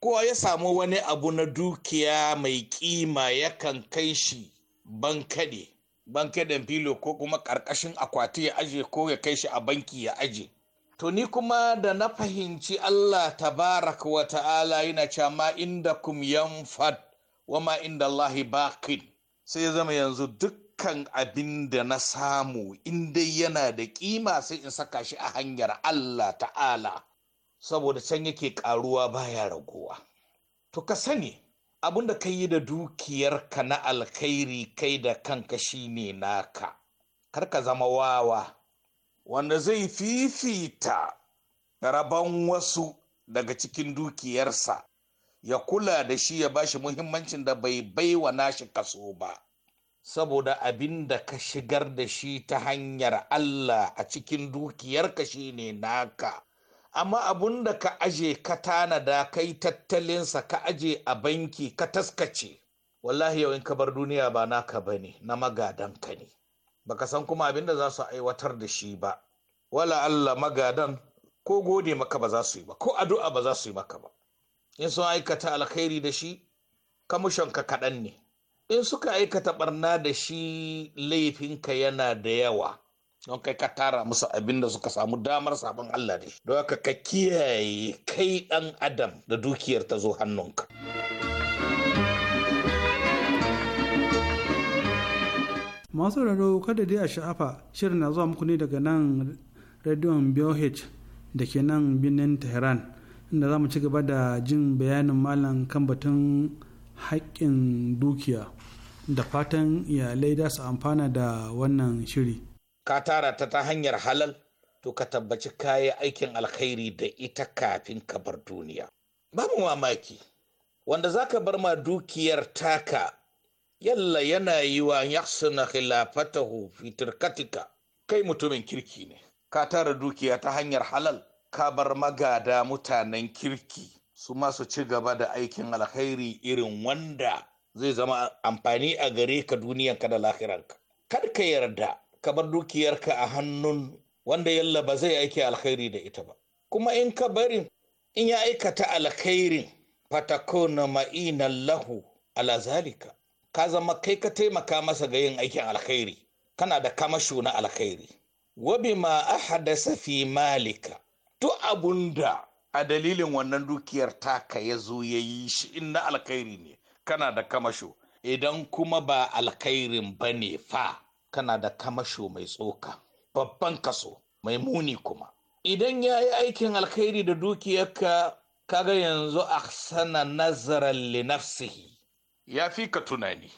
kowa ya samu wani abu na dukiya mai kima yakan kai shi bankaɗe banke ɗin filo ko kuma ƙarƙashin akwati ya aje ko ya kai shi a banki ya aje to ni kuma da na fahimci Allah tabarak wa ta'ala yana cewa ma inda kum yanfad wa ma inda Allahi baqin sai ya zama yanzu dukkan abin da na samu in yana da kima sai in saka shi a hanyar Allah ta'ala saboda can yake karuwa baya raguwa to ka sani abin da ka yi da dukiyarka na alkhairi kai da kanka shine naka kar ka zama wawa wanda zai fifita rabon wasu daga cikin dukiyarsa ya kula da shi ya bashi muhimmancin da bai baiwa nashi kaso ba saboda abin da ka shigar da shi ta hanyar Allah a cikin dukiyarka shine naka amma abun da ka aje ka tanada kai tattalinsa ka aje a banki ka taskace wallahi yau in ka bar duniya ba naka ba ne na magadan ka ne baka san kuma abin da za su aiwatar da shi ba wala Allah magadan ko gode maka ba za su yi ba ko addu'a ba za su yi maka ba in sun aikata alkhairi da shi kamushanka kaɗan ne in suka aikata barna da shi laifinka yana da yawa don kai ka tara musu abin da suka samu damar sabon Allah ne don haka ka kiyaye kai dan adam da dukiyar ta zo hannunka masu raro kada dai a sha'afa shirin na zuwa muku ne daga nan rediyon BOH da ke nan birnin Tehran inda za mu ci gaba da jin bayanin malam kan batun haƙƙin dukiya da fatan iyalai da su amfana da wannan shiri. ka tara ta ta hanyar halal to ka tabbaci kayi aikin alkhairi da ita kafin ka bar duniya babu mamaki wanda zaka bar ma dukiyar taka yalla yana yi wa yaksuna khilafatahu fi katika. kai mutumin kirki ne ka tara dukiya ta hanyar halal ka bar magada mutanen kirki su masu ci gaba da aikin alkhairi irin wanda zai zama amfani a gare ka duniyanka da lahirarka. kar ka yarda kamar dukiyarka a hannun wanda yalla ba zai aiki alkhairi da ita ba kuma in ka bari in ya aikata alkhairin fatakuna na lahu ala ka zama kai ka taimaka masa ga yin aikin alkhairi kana da kamasho na alkhairi wa bima ahadasa fi malika To abunda a dalilin wannan dukiyar taka ya zo ya yi shi in na alkhairi ne kana da kamasho idan kuma ba alkhairin ba ne fa kana da kamasho mai tsoka babban kaso mai muni kuma idan ya yi aikin alkhairi da dukiyarka kaga yanzu ahsana nazaran nazarar linafsihi ya fi ka tunani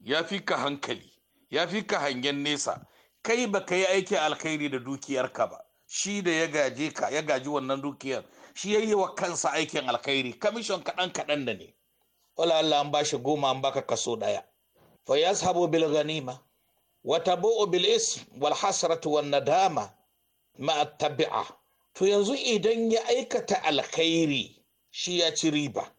ya fi ka hankali ya fi ka hangen nesa kai ba ka yi aikin alkhairi da dukiyarka ba shi da ya gaje ka ya gaji wannan dukiyar shi ya yi wa kansa aikin alkhairi kamishon kaɗan kaɗan da ne wala Allah an ba shi goma an baka kaso ɗaya fa yashabu bil ganima watabu'u bil ism wal hasratu wan nadama to yanzu idan ya aikata alkhairi shi ya ci riba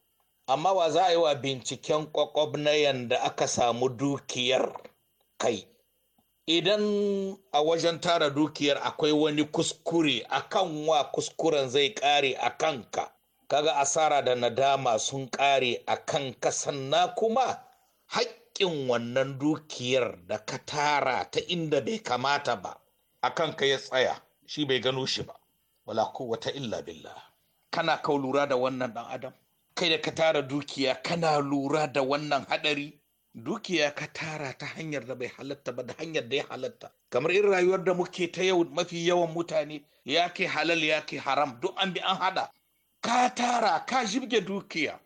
amma wa za a yi wa binciken kwakwab na yanda aka samu dukiyar kai idan a wajen tara dukiyar akwai wani kuskure akan wa kuskuren zai kare a kanka kaga asara da nadama sun kare a kanka sannan kuma haƙƙi haƙƙin wannan dukiyar da ka tara ta inda bai kamata ba a ka ya tsaya shi bai gano shi ba wala wata illa billah kana kau lura da wannan dan adam kai da ka tara dukiya kana lura da wannan hadari dukiya ka tara ta hanyar da bai halatta ba da hanyar da ya halatta kamar irin rayuwar da muke ta yau mafi yawan mutane ya ke halal ya ke haram duk an bi an hada ka tara ka jibge dukiya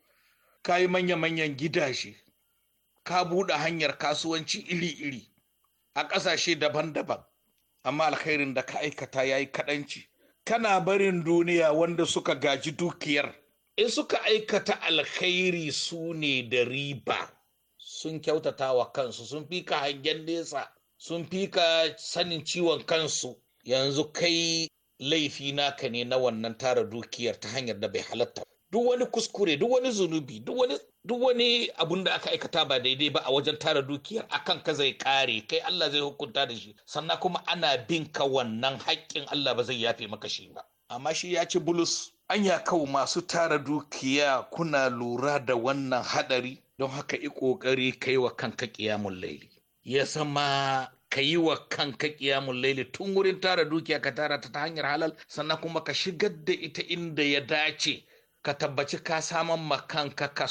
ka yi manya-manyan gidaje ka buɗe hanyar kasuwanci iri-iri a ƙasashe daban-daban amma alkhairin da ka aikata ya yi kaɗanci kana barin duniya wanda suka gaji dukiyar in suka aikata alkhairi su ne da riba sun kyautata wa kansu sun fi ka hangen nesa sun fi ka sanin ciwon kansu yanzu kai laifi naka ne na wannan tara dukiyar ta hanyar da bai halatta duk wani kuskure duk wani zunubi duk wani abun da aka aikata ba daidai ba a wajen tara dukiyar akan ka zai kare kai Allah zai hukunta da shi sannan kuma ana bin ka wannan haƙƙin Allah ba zai yafe maka shi ba amma shi ya ci bulus an ya kawo masu tara dukiya kuna lura da wannan hadari don haka i kokari kai wa kanka kiyamun laili ya sama ka yi wa kanka kiyamun laili tun wurin tara dukiya ka tara ta hanyar halal sannan kuma ka shigar da ita inda ya dace ka tabbaci ka saman makanka ka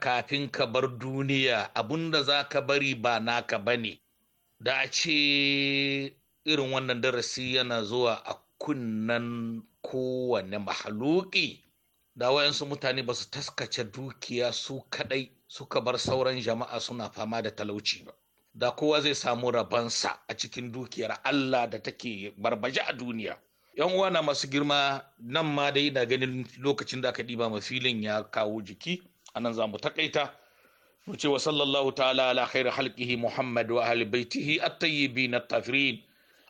kafin ka bar duniya abinda za ka bari ba naka ba ne da a ce irin wannan darasi yana zuwa a kunnen kowane mahaluki da wayansu mutane ba su taskace dukiya su kadai suka bar sauran jama'a suna fama da talauci ba da kowa zai samu rabansa a cikin dukiyar Allah da take barbaje a duniya yan uwa na masu girma nan ma dai na ganin lokacin da aka ɗiba ma filin ya kawo jiki anan za mu takaita mu ce wa sallallahu ta'ala ala khairu halqihi muhammad wa ahli baitihi at na at-tafirin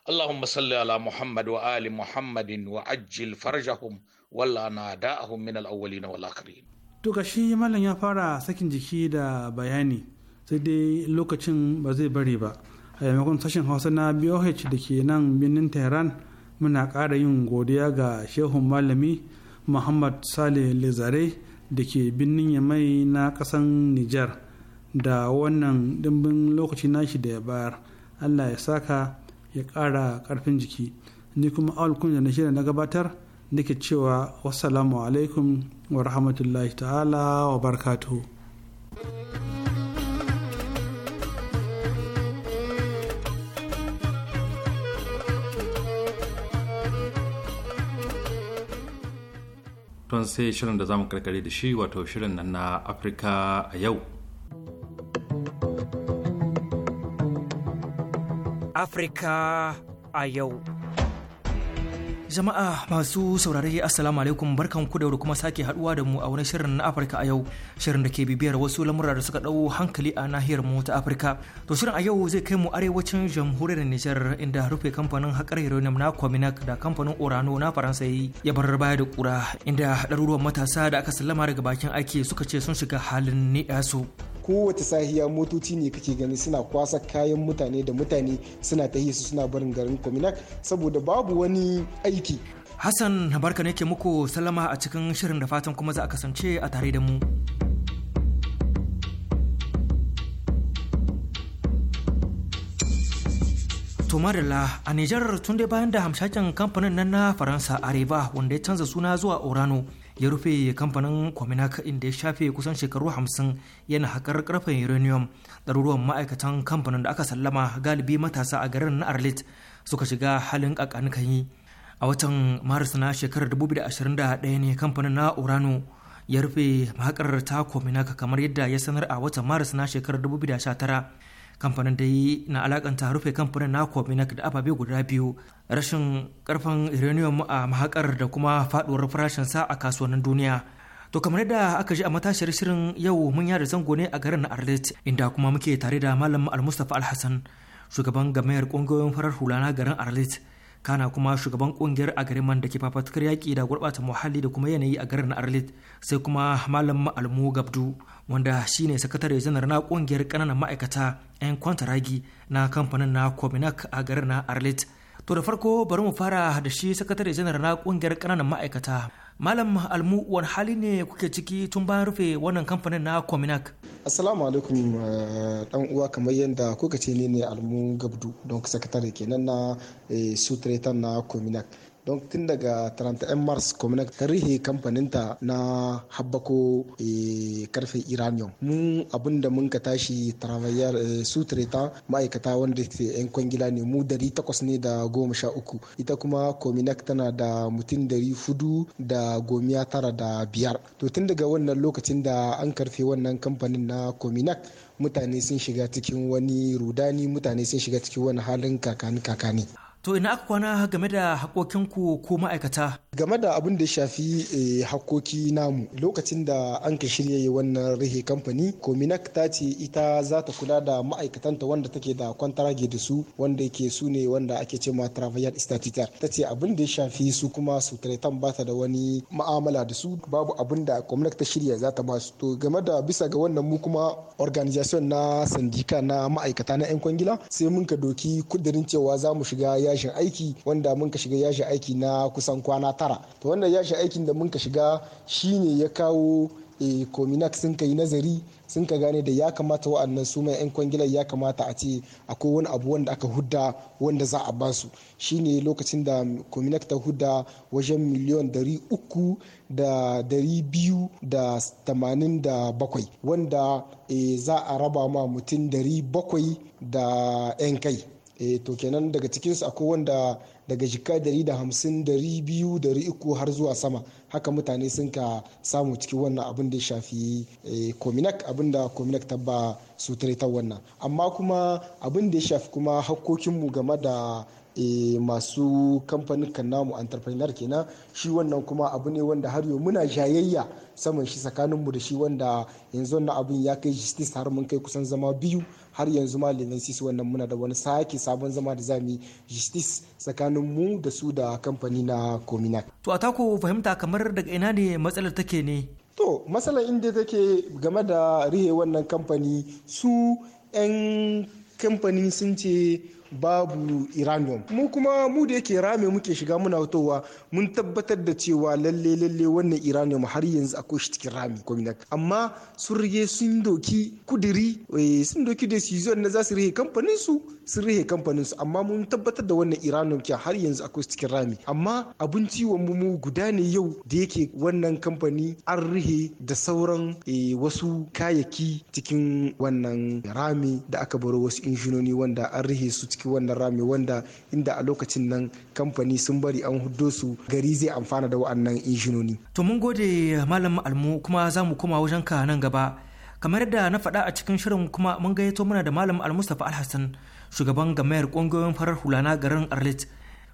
اللهم صل على محمد وآل محمد وعجل فرجهم ولا ناداهم من الأولين والآخرين to ga shi malam ya fara sakin jiki da bayani sai dai lokacin ba zai bari ba a yamakon sashen hausa na boh da ke nan birnin tehran muna ƙara yin godiya ga shehun malami muhammad sale lezare da ke birnin yamai na ƙasan nijar da wannan dimbin lokaci nashi da ya bayar allah ya saka ya ƙara ƙarfin jiki ni kuma alkun da na shirya na gabatar nake cewa wassalamu alaikum wa rahmatullahi ta'ala wa barkatu. tun sai shirin da zamu karkare da shi wato shirin nan na afirka a yau afirka a yau Jama'a masu saurare Assalamu alaikum barkan ku da kuma sake haduwa da mu a wani shirin na Afirka a yau shirin da ke bibiyar wasu lamura da suka dau hankali a nahiyar mu ta Afirka. To shirin a yau zai kai mu arewacin jamhuriyar Nijar inda rufe kamfanin haƙar uranium na Cominac da kamfanin Orano na Faransa ya bar baya da kura inda ɗaruruwan matasa da aka sallama daga bakin aiki suka ce sun shiga halin ni'asu. kowace sahiya motoci ne kake gani suna kwasa kayan mutane da mutane suna ta su suna barin garin kominak saboda babu wani aiki hassan barka ne ke muku salama a cikin shirin da fatan kuma za a kasance a tare da mu To a Nijar tun dai bayan da hamshakin kamfanin nan na Faransa Areva wanda ya canza suna zuwa Orano ya rufe kamfanin kwaminak inda ya shafe kusan shekaru hamsin yana haƙar karfen uranium ɗaruruwan ma'aikatan kamfanin da aka sallama galibi matasa a garin na arlit suka shiga halin ƙaƙanikan a watan maris na shekarar 2021 ne kamfanin na urano ya rufe mahaƙar ta kwaminak kamar yadda ya sanar a watan maris na shekarar 2019 kamfanin da yi na alakanta rufe kamfanin na kominak da ababe guda biyu rashin karfin uranium a mahakar da kuma faduwar farashin sa a kasuwannin duniya to kamar da aka ji a matashiyar shirin yau mun yada zango ne a garin arlet inda kuma muke tare da malam al-mustapha al-hassan shugaban gamayar kungiyoyin farar hula na garin arlet kana kuma shugaban kungiyar agariman da ke fafatukar yaƙi da gurɓata muhalli da kuma yanayi a garin arlit sai kuma malam almu gabdu wanda shine sakatare janar na kungiyar ƙananan ma'aikata 'yan kwantaragi na kamfanin na kominak a garin na arlit to da farko bari mu fara da shi sakatare janar na kungiyar ƙananan ma'aikata Malam Almu wani hali ne kuke ciki tun bayan rufe wannan kamfanin na Cominac? Assalamu alaikum uh, dan uwa kamar yadda kuka ce ne ne Almu Gabdu don sakatare kenan na eh, sutretan na Cominac. don tun daga 31 mars communic tarihi kamfaninta na habako e karfe iranium mu abin da mun ka tashi travayar e, su ma'aikata wanda ke yan kwangila ne mu dari takwas ne da goma sha uku ita kuma kominak tana da mutum dari fudu da gomiya tara da biyar to tun daga wannan lokacin da an karfe wannan kamfanin na kominak mutane sun shiga cikin wani rudani mutane sun shiga cikin wani halin kakani kakani To ina aka kwana game da hakokinku ko ma'aikata? Game da abin da shafi eh, hakoki namu lokacin da an ka shirya wannan rihe kamfani, Kominak ta ce ita za ta kula da ma'aikatanta wanda take da kwantarage da su wanda ke su ne wanda ake ce ma travayar statutar. Ta ce abin da ya shafi su kuma su tretan ba ta da wani ma'amala da su babu abin da Kominak ta shirya za ta ba su. To game da bisa ga wannan mu kuma organization na sandika na ma'aikata na 'yan kwangila sai mun ka doki kudirin cewa za mu shiga yashin aiki wanda mun ka shiga yashin aiki na kusan kwana tara to wannan yashin aikin da mun ka shiga shine ya kawo e eh, kominak sun ka yi nazari sun ka gane da ya kamata wa'annan su 'yan kwangilar ya kamata a ce akwai wani abu wanda aka hudda wanda za a basu shine lokacin da kominak ta hudda wajen miliyon dari uku da dari biyu da tamanin da bakwai wanda eh, za a raba ma mutum dari bakwai da 'yan kai eh to kenan daga cikinsu akwai wanda daga jika dari da hamsin dari biyu dari uku har zuwa sama haka mutane sun ka samu cikin wannan abin da shafi kominak eh, abin da kominak ta ba su wannan amma kuma abin da ya shafi kuma hakkokinmu game da Eh, masu kamfanin namu entrepreneur kenan shi wannan kuma abu ne wanda har yau muna jayayya saman shi tsakaninmu da shi wanda yanzu wannan abin ya kai justice har mun kai kusan zama biyu har yanzu ma lenin sisi wannan muna da wani sake sabon zama da zami justice tsakanin mu da su da kamfani na kominat to a ko fahimta kamar daga ina ne matsalar take ne to matsalar inda take game da rihe wannan kamfani su 'yan kamfani sun ce babu iranium mu kuma mu da yake rame muke shiga muna fitowa mun tabbatar da cewa lalle lalle wannan iranium har yanzu akwai shi cikin rami gwamnati amma sun rige sun doki kudiri eh, sun doki da su na za su rige kamfanin su sun rage kamfanin su amma mun tabbatar da wannan iranium ke har yanzu akwai shi cikin rami amma abun ciwon mu guda ne yau da yake wannan kamfani an rihe da sauran eh, wasu kayayyaki cikin wannan rami da aka baro wasu injinoni wanda an rihe su ciki wannan rami wanda inda a lokacin nan kamfani sun bari an huddo su gari zai amfana da wa'annan injinoni. To mun gode malam almu kuma za mu koma wajen ka nan gaba. Kamar da na faɗa a cikin shirin kuma mun gayyato muna da malam almustapha alhassan shugaban gamayar ƙungiyoyin farar hula na garin Arlit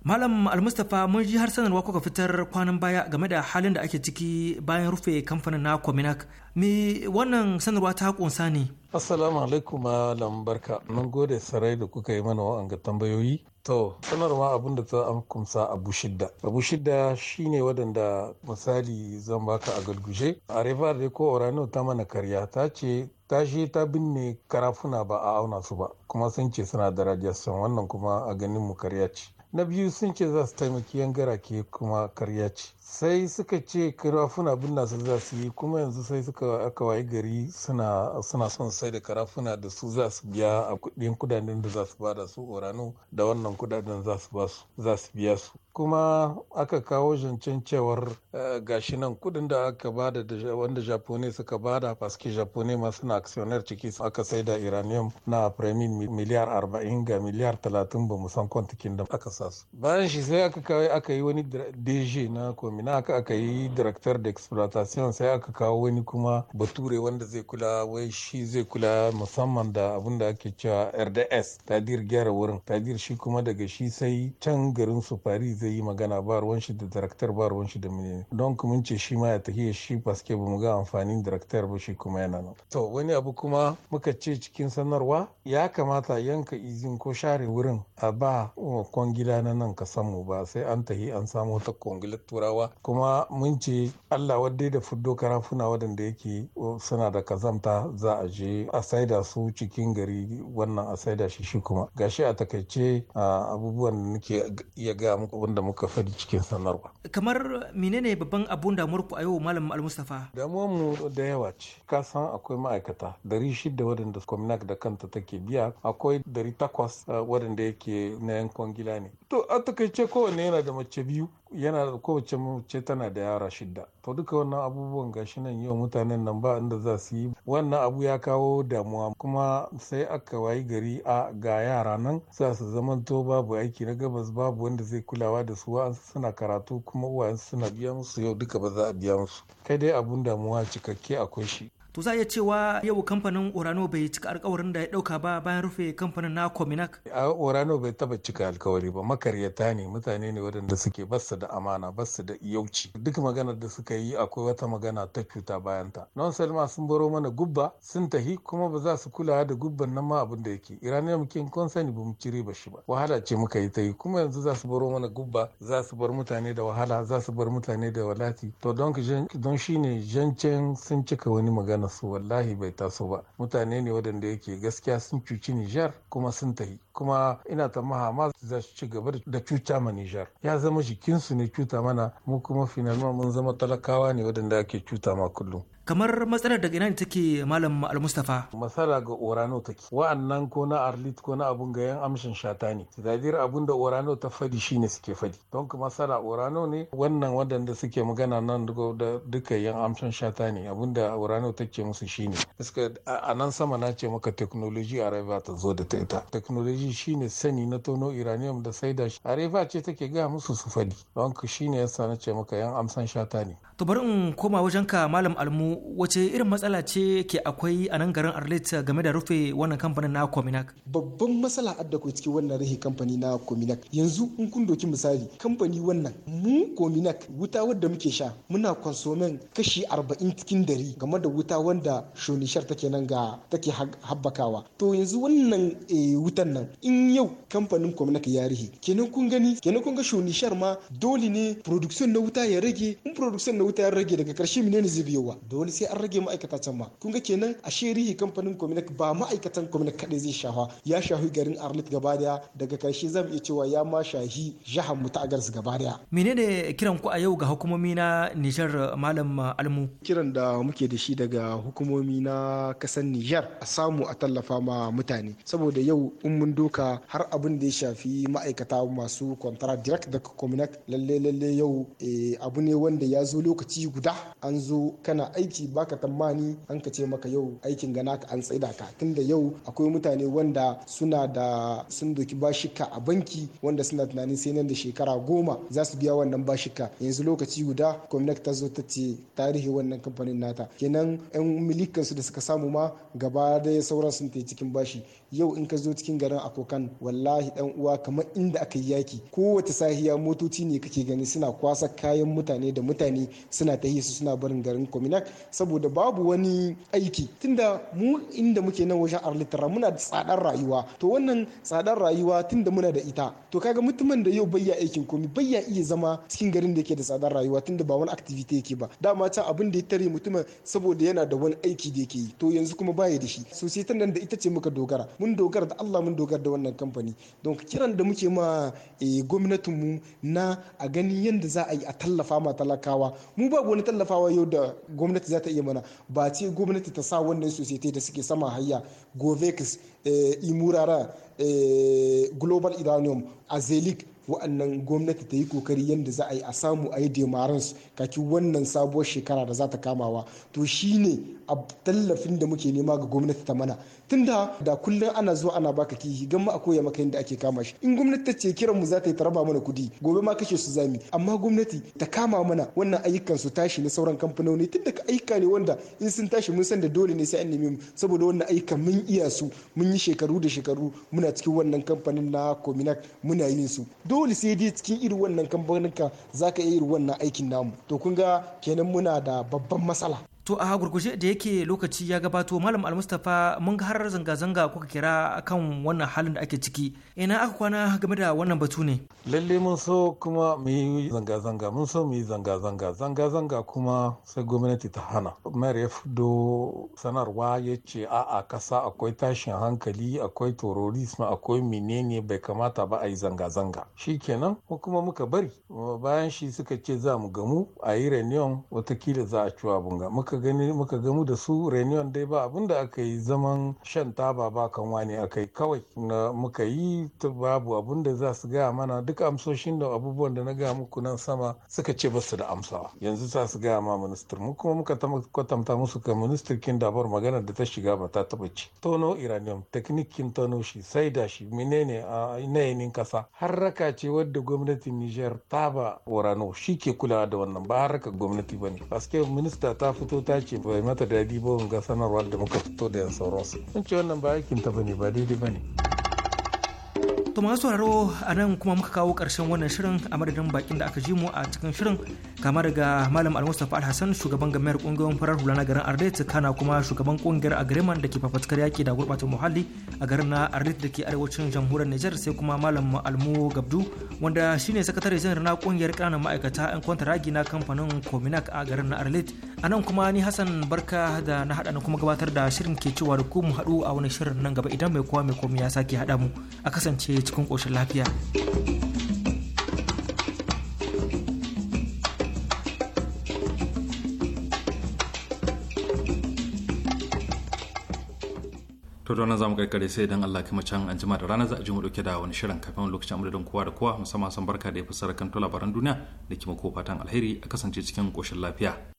Malam Almustapha mun ji har sanarwa kuka fitar kwanan baya game da halin da ake ciki bayan rufe kamfanin na Kominak. Me wannan sanarwa ta kunsa ne? Assalamu alaikum malam barka. Mun gode sarai da kuka yi mana wa'anga tambayoyi. To, sanarwa abin da ta amkumsa abu shidda. Abu shidda shine waɗanda misali zan baka a galgushe. Arefa da ko Orano ta mana karya ta ce ta shi ta binne karafuna ba a auna su ba kuma sun ce suna da radiation wannan kuma a ganin mu karya ce. na biyu sun ce za su taimaki yan garake kuma karya ce sai suka ce karafuna na su za su yi kuma yanzu sai suka aka wayi gari suna suna son sai da karafuna da su za su biya a kudin kudaden da za su da su orano da wannan kudaden za su biya su kuma aka kawo zancen cewar eh, gashi nan kudin da aka ba da wanda japone suka da faske japone ma suna aksiyonar ciki aka sai da iranium na premium miliyar 40 ga miliyar 30 ba mu kwantikin da aka sa su bayan shi sai aka kawai aka yi wani dj na komin ina aka aka yi director da exploitation sai aka kawo wani kuma bature wanda zai kula wai shi zai kula musamman da abin da ake cewa rds tadir gyara wurin tadir shi kuma daga shi sai can garin su fari zai yi magana ba ruwan shi da director ba ruwan shi da menene don mun ce shi ma ya tafi shi paske ba mu ga amfanin director ba shi kuma yana nan to wani abu kuma muka ce cikin sanarwa ya kamata yanka izin ko share wurin a ba kwangila na nan ka samu ba sai an tahi an samu ta kwangilar turawa kuma mun ce allah wadda da fuddo karafuna wadanda yake suna da kazamta za a je a saida su cikin gari wannan a saida shi shi kuma gashi a takaice abubuwan da nake iya ga muku wanda muka fadi cikin sanarwa kamar menene babban abun damuwar ku a yau malam al-mustafa damuwar mu da yawa ce ka san akwai ma'aikata dari shida wadanda kominak da kanta take biya akwai dari takwas wadanda yake na yankon gila ne to a takaice kowanne yana da mace biyu yana da kowace mace tana da yara shida to duka wannan abubuwan gashi nan yau mutanen nan ba inda za su yi wannan abu ya kawo damuwa kuma sai aka wayi gari a ga yara nan za su zamanto babu aiki na gabas babu wanda zai kulawa da su suna karatu kuma uwayen suna biya musu yau duka ba za a biya musu kai dai abun damuwa cikakke akwai shi to za iya cewa yau kamfanin orano bai cika alkawarin da ya dauka ba bayan rufe kamfanin na cominac a orano bai taba cika alkawari ba makaryata ne mutane ne waɗanda suke basu da amana basu da iyauci duk maganar da suka yi akwai wata magana ta cuta bayan ta non salma sun baro mana gubba sun tahi kuma ba za su kula da gubban nan ma abin da yake iraniya muke kun ba mu cire ba shi ba wahala ce muka yi ta yi kuma yanzu za su baro mana gubba za su bar mutane da wahala za su bar mutane da walati to don shi shine jancen sun cika wani magana nasu wallahi bai taso ba mutane ne waɗanda yake gaskiya sun cuci nijar kuma sun tahi kuma ina ta maha ma za su ci gaba da cuta ma nijar ya zama jikinsu ne cuta mana mu kuma finalma mun zama talakawa ne waɗanda ake cuta ma kullum kamar matsalar daga ina ne take malam al-mustafa matsala ga orano take wa'annan ko na arlit ko na abun ga yan amshin shata ne tadadir abun da orano ta fadi shine suke fadi don kuma matsala orano ne wannan wadanda suke magana nan da duka yan amshin shata ne abun da orano take musu shine iska a nan sama na ce maka technology areva ta zo da ta ita technology shine sani na tono iranium da saida shi areva ce take ga musu su fadi don shine yasa na ce maka yan amsan shata ne to bari in koma wajenka malam almu wace irin matsala ce ke akwai a nan garin Arlit game da rufe wannan kamfanin na Cominac? Babban matsala adda ku cikin wannan rufe kamfani na Cominac. Yanzu in kun doki misali kamfani wannan mu Cominac wuta wadda muke sha muna konsomen kashi arba'in cikin dari game da wuta wanda shonishar take nan ga take habbakawa. To yanzu wannan eh, wutan nan in yau kamfanin Cominac ya rufe kenan kun gani kenan kun ga shonishar ma dole ne production na wuta ya rage in production na wuta ya rage daga karshe ne zai biyowa dole wani sai an rage ma'aikata can ma kun ga kenan a sherihi kamfanin Cominac ba ma'aikatan Cominac kadai zai shafa ya shafi garin Arlit gaba daya daga karshe zan iya cewa ya ma shahi jihar mu ta Agars gaba daya menene kiran ku a yau ga hukumomi na Nijar Malam Almu kiran da muke da shi daga hukumomi na kasan Nijar a samu a tallafa ma mutane saboda yau in mun doka har abin da ya shafi ma'aikata masu kwantara direct daga kominak lalle lalle yau eh, abu ne wanda ya zo lokaci guda an zo kana aiki aiki baka tammani an ka ce maka yau aikin gana ka an tsaida ka tunda yau akwai mutane wanda suna da sun doki bashika a banki wanda suna tunanin sai nan da shekara goma za su biya wannan bashika yanzu lokaci guda gwamnati ta zo ta ce tarihi wannan kamfanin nata kenan yan milikansu da suka samu ma gaba da sauran sun ta cikin bashi yau in ka zo cikin garin akokan wallahi dan uwa kamar inda aka yi yaki kowace sahiya motoci ne kake gani suna kwasa kayan mutane da mutane suna ta su suna barin garin kominak saboda babu wani aiki tunda mu inda muke nan wajen arlitara muna da tsadar rayuwa to wannan tsadar rayuwa tunda muna da ita to kaga mutumin da yau bayya aikin komi bayya iya zama cikin garin da yake da tsadar rayuwa tunda ba wani activity yake ba dama can abin da ya tare mutumin saboda yana da wani aiki da yake yi to yanzu kuma baya da shi sosai nan da ita ce muka dogara mun dogara da Allah mun dogara da wannan kamfani don kiran da muke ma eh, gwamnatinmu na a gani yadda za a yi a tallafa ma talakawa mu babu wani tallafawa yau da gwamnati za ta iya mana ba ce gwamnati ta sa wannan society da suke sama hayya govex eh, imurara eh, global iranium azelic wa'annan gwamnati ta yi kokari yadda za a yi a samu a yi demarans kaki wannan sabuwar shekara da za ta kamawa to shi ne a tallafin da muke nema ga gwamnati ta mana tunda da kullum ana zuwa ana baka kihi gan ma a koya maka yadda ake kama shi in gwamnati ta ce kiran mu za ta yi ta raba mana kuɗi gobe ma kashe su zami amma gwamnati ta kama mana wannan ayyukan su tashi na sauran kamfanoni tunda ka ayyuka ne wanda in sun tashi mun san da dole ne sai an neme mu saboda wannan ayyukan mun iya su mun yi shekaru da shekaru muna cikin wannan kamfanin na Cominac muna yin su dole sai dai cikin irin wannan kamfanin ka zaka iya irin wannan aikin namu to kun ga kenan muna da babban matsala to a gurguje da yake lokaci ya gabato malam almustapha mun har zanga-zanga kuka kira kan wannan halin da ake ciki ina aka kwana game da wannan batu ne lalle mun so kuma mu yi zanga-zanga mun so mu yi zanga-zanga zanga-zanga kuma sai gwamnati ta hana mayar ya fudo sanarwa ya ce a'a kasa akwai tashin hankali akwai terrorism akwai menene bai kamata ba a yi zanga-zanga shikenan ko kuma muka bari bayan shi suka ce za mu gamu a yi reunion watakila za a ci abun muka gani muka gamu da su reunion dai ba abin da aka yi zaman shan taba ba kan wani aka yi kawai na muka yi babu abin da za su gaya mana duk amsoshin da abubuwan da na gaya muku nan sama suka ce ba su da amsa yanzu za su gaya ma minister mu kuma muka kwatanta musu ka minister kin bar magana da ta shiga ba ta taba ci tono iranium kin tono shi sai da shi menene a yanayin kasa har raka ce wadda gwamnatin niger ta ba warano shi ke kulawa da wannan ba har raka gwamnati ba ne paske minista ta fito ta ce bai mata daɗi ba ga sanarwa da muka fito da yan sauransu sun ce wannan ba aikin ba ne ba daidai ba ne. To masu sauraro a nan kuma muka kawo ƙarshen wannan shirin a madadin bakin da aka ji mu a cikin shirin kama daga Malam Al-Mustapha Al-Hassan shugaban gamayar ƙungiyar farar hula na garin Ardet kana kuma shugaban ƙungiyar Agreement da ke fafatkar yaƙi da gurɓata muhalli a garin na Ardet da ke arewacin jamhuriyar niger sai kuma Malam Almu Gabdu wanda shine sakatare janar na ƙungiyar ƙananan ma'aikata 'yan kwantaragi na kamfanin Cominac a garin na Ardet. A nan kuma ni Hassan Barka da na haɗa na kuma gabatar da shirin ke cewa da ku mu haɗu a wani shirin nan gaba idan mai kowa mai komai ya sake haɗa mu a kasance cikin ƙoshin lafiya to da wannan zamu karkare sai idan Allah kuma can an jima da rana za a ji mu dauke da wani shirin kafin lokacin amadadin kowa da kowa musamman san barka da ya fassara kan labaran duniya da kima ko fatan alheri a kasance cikin koshin lafiya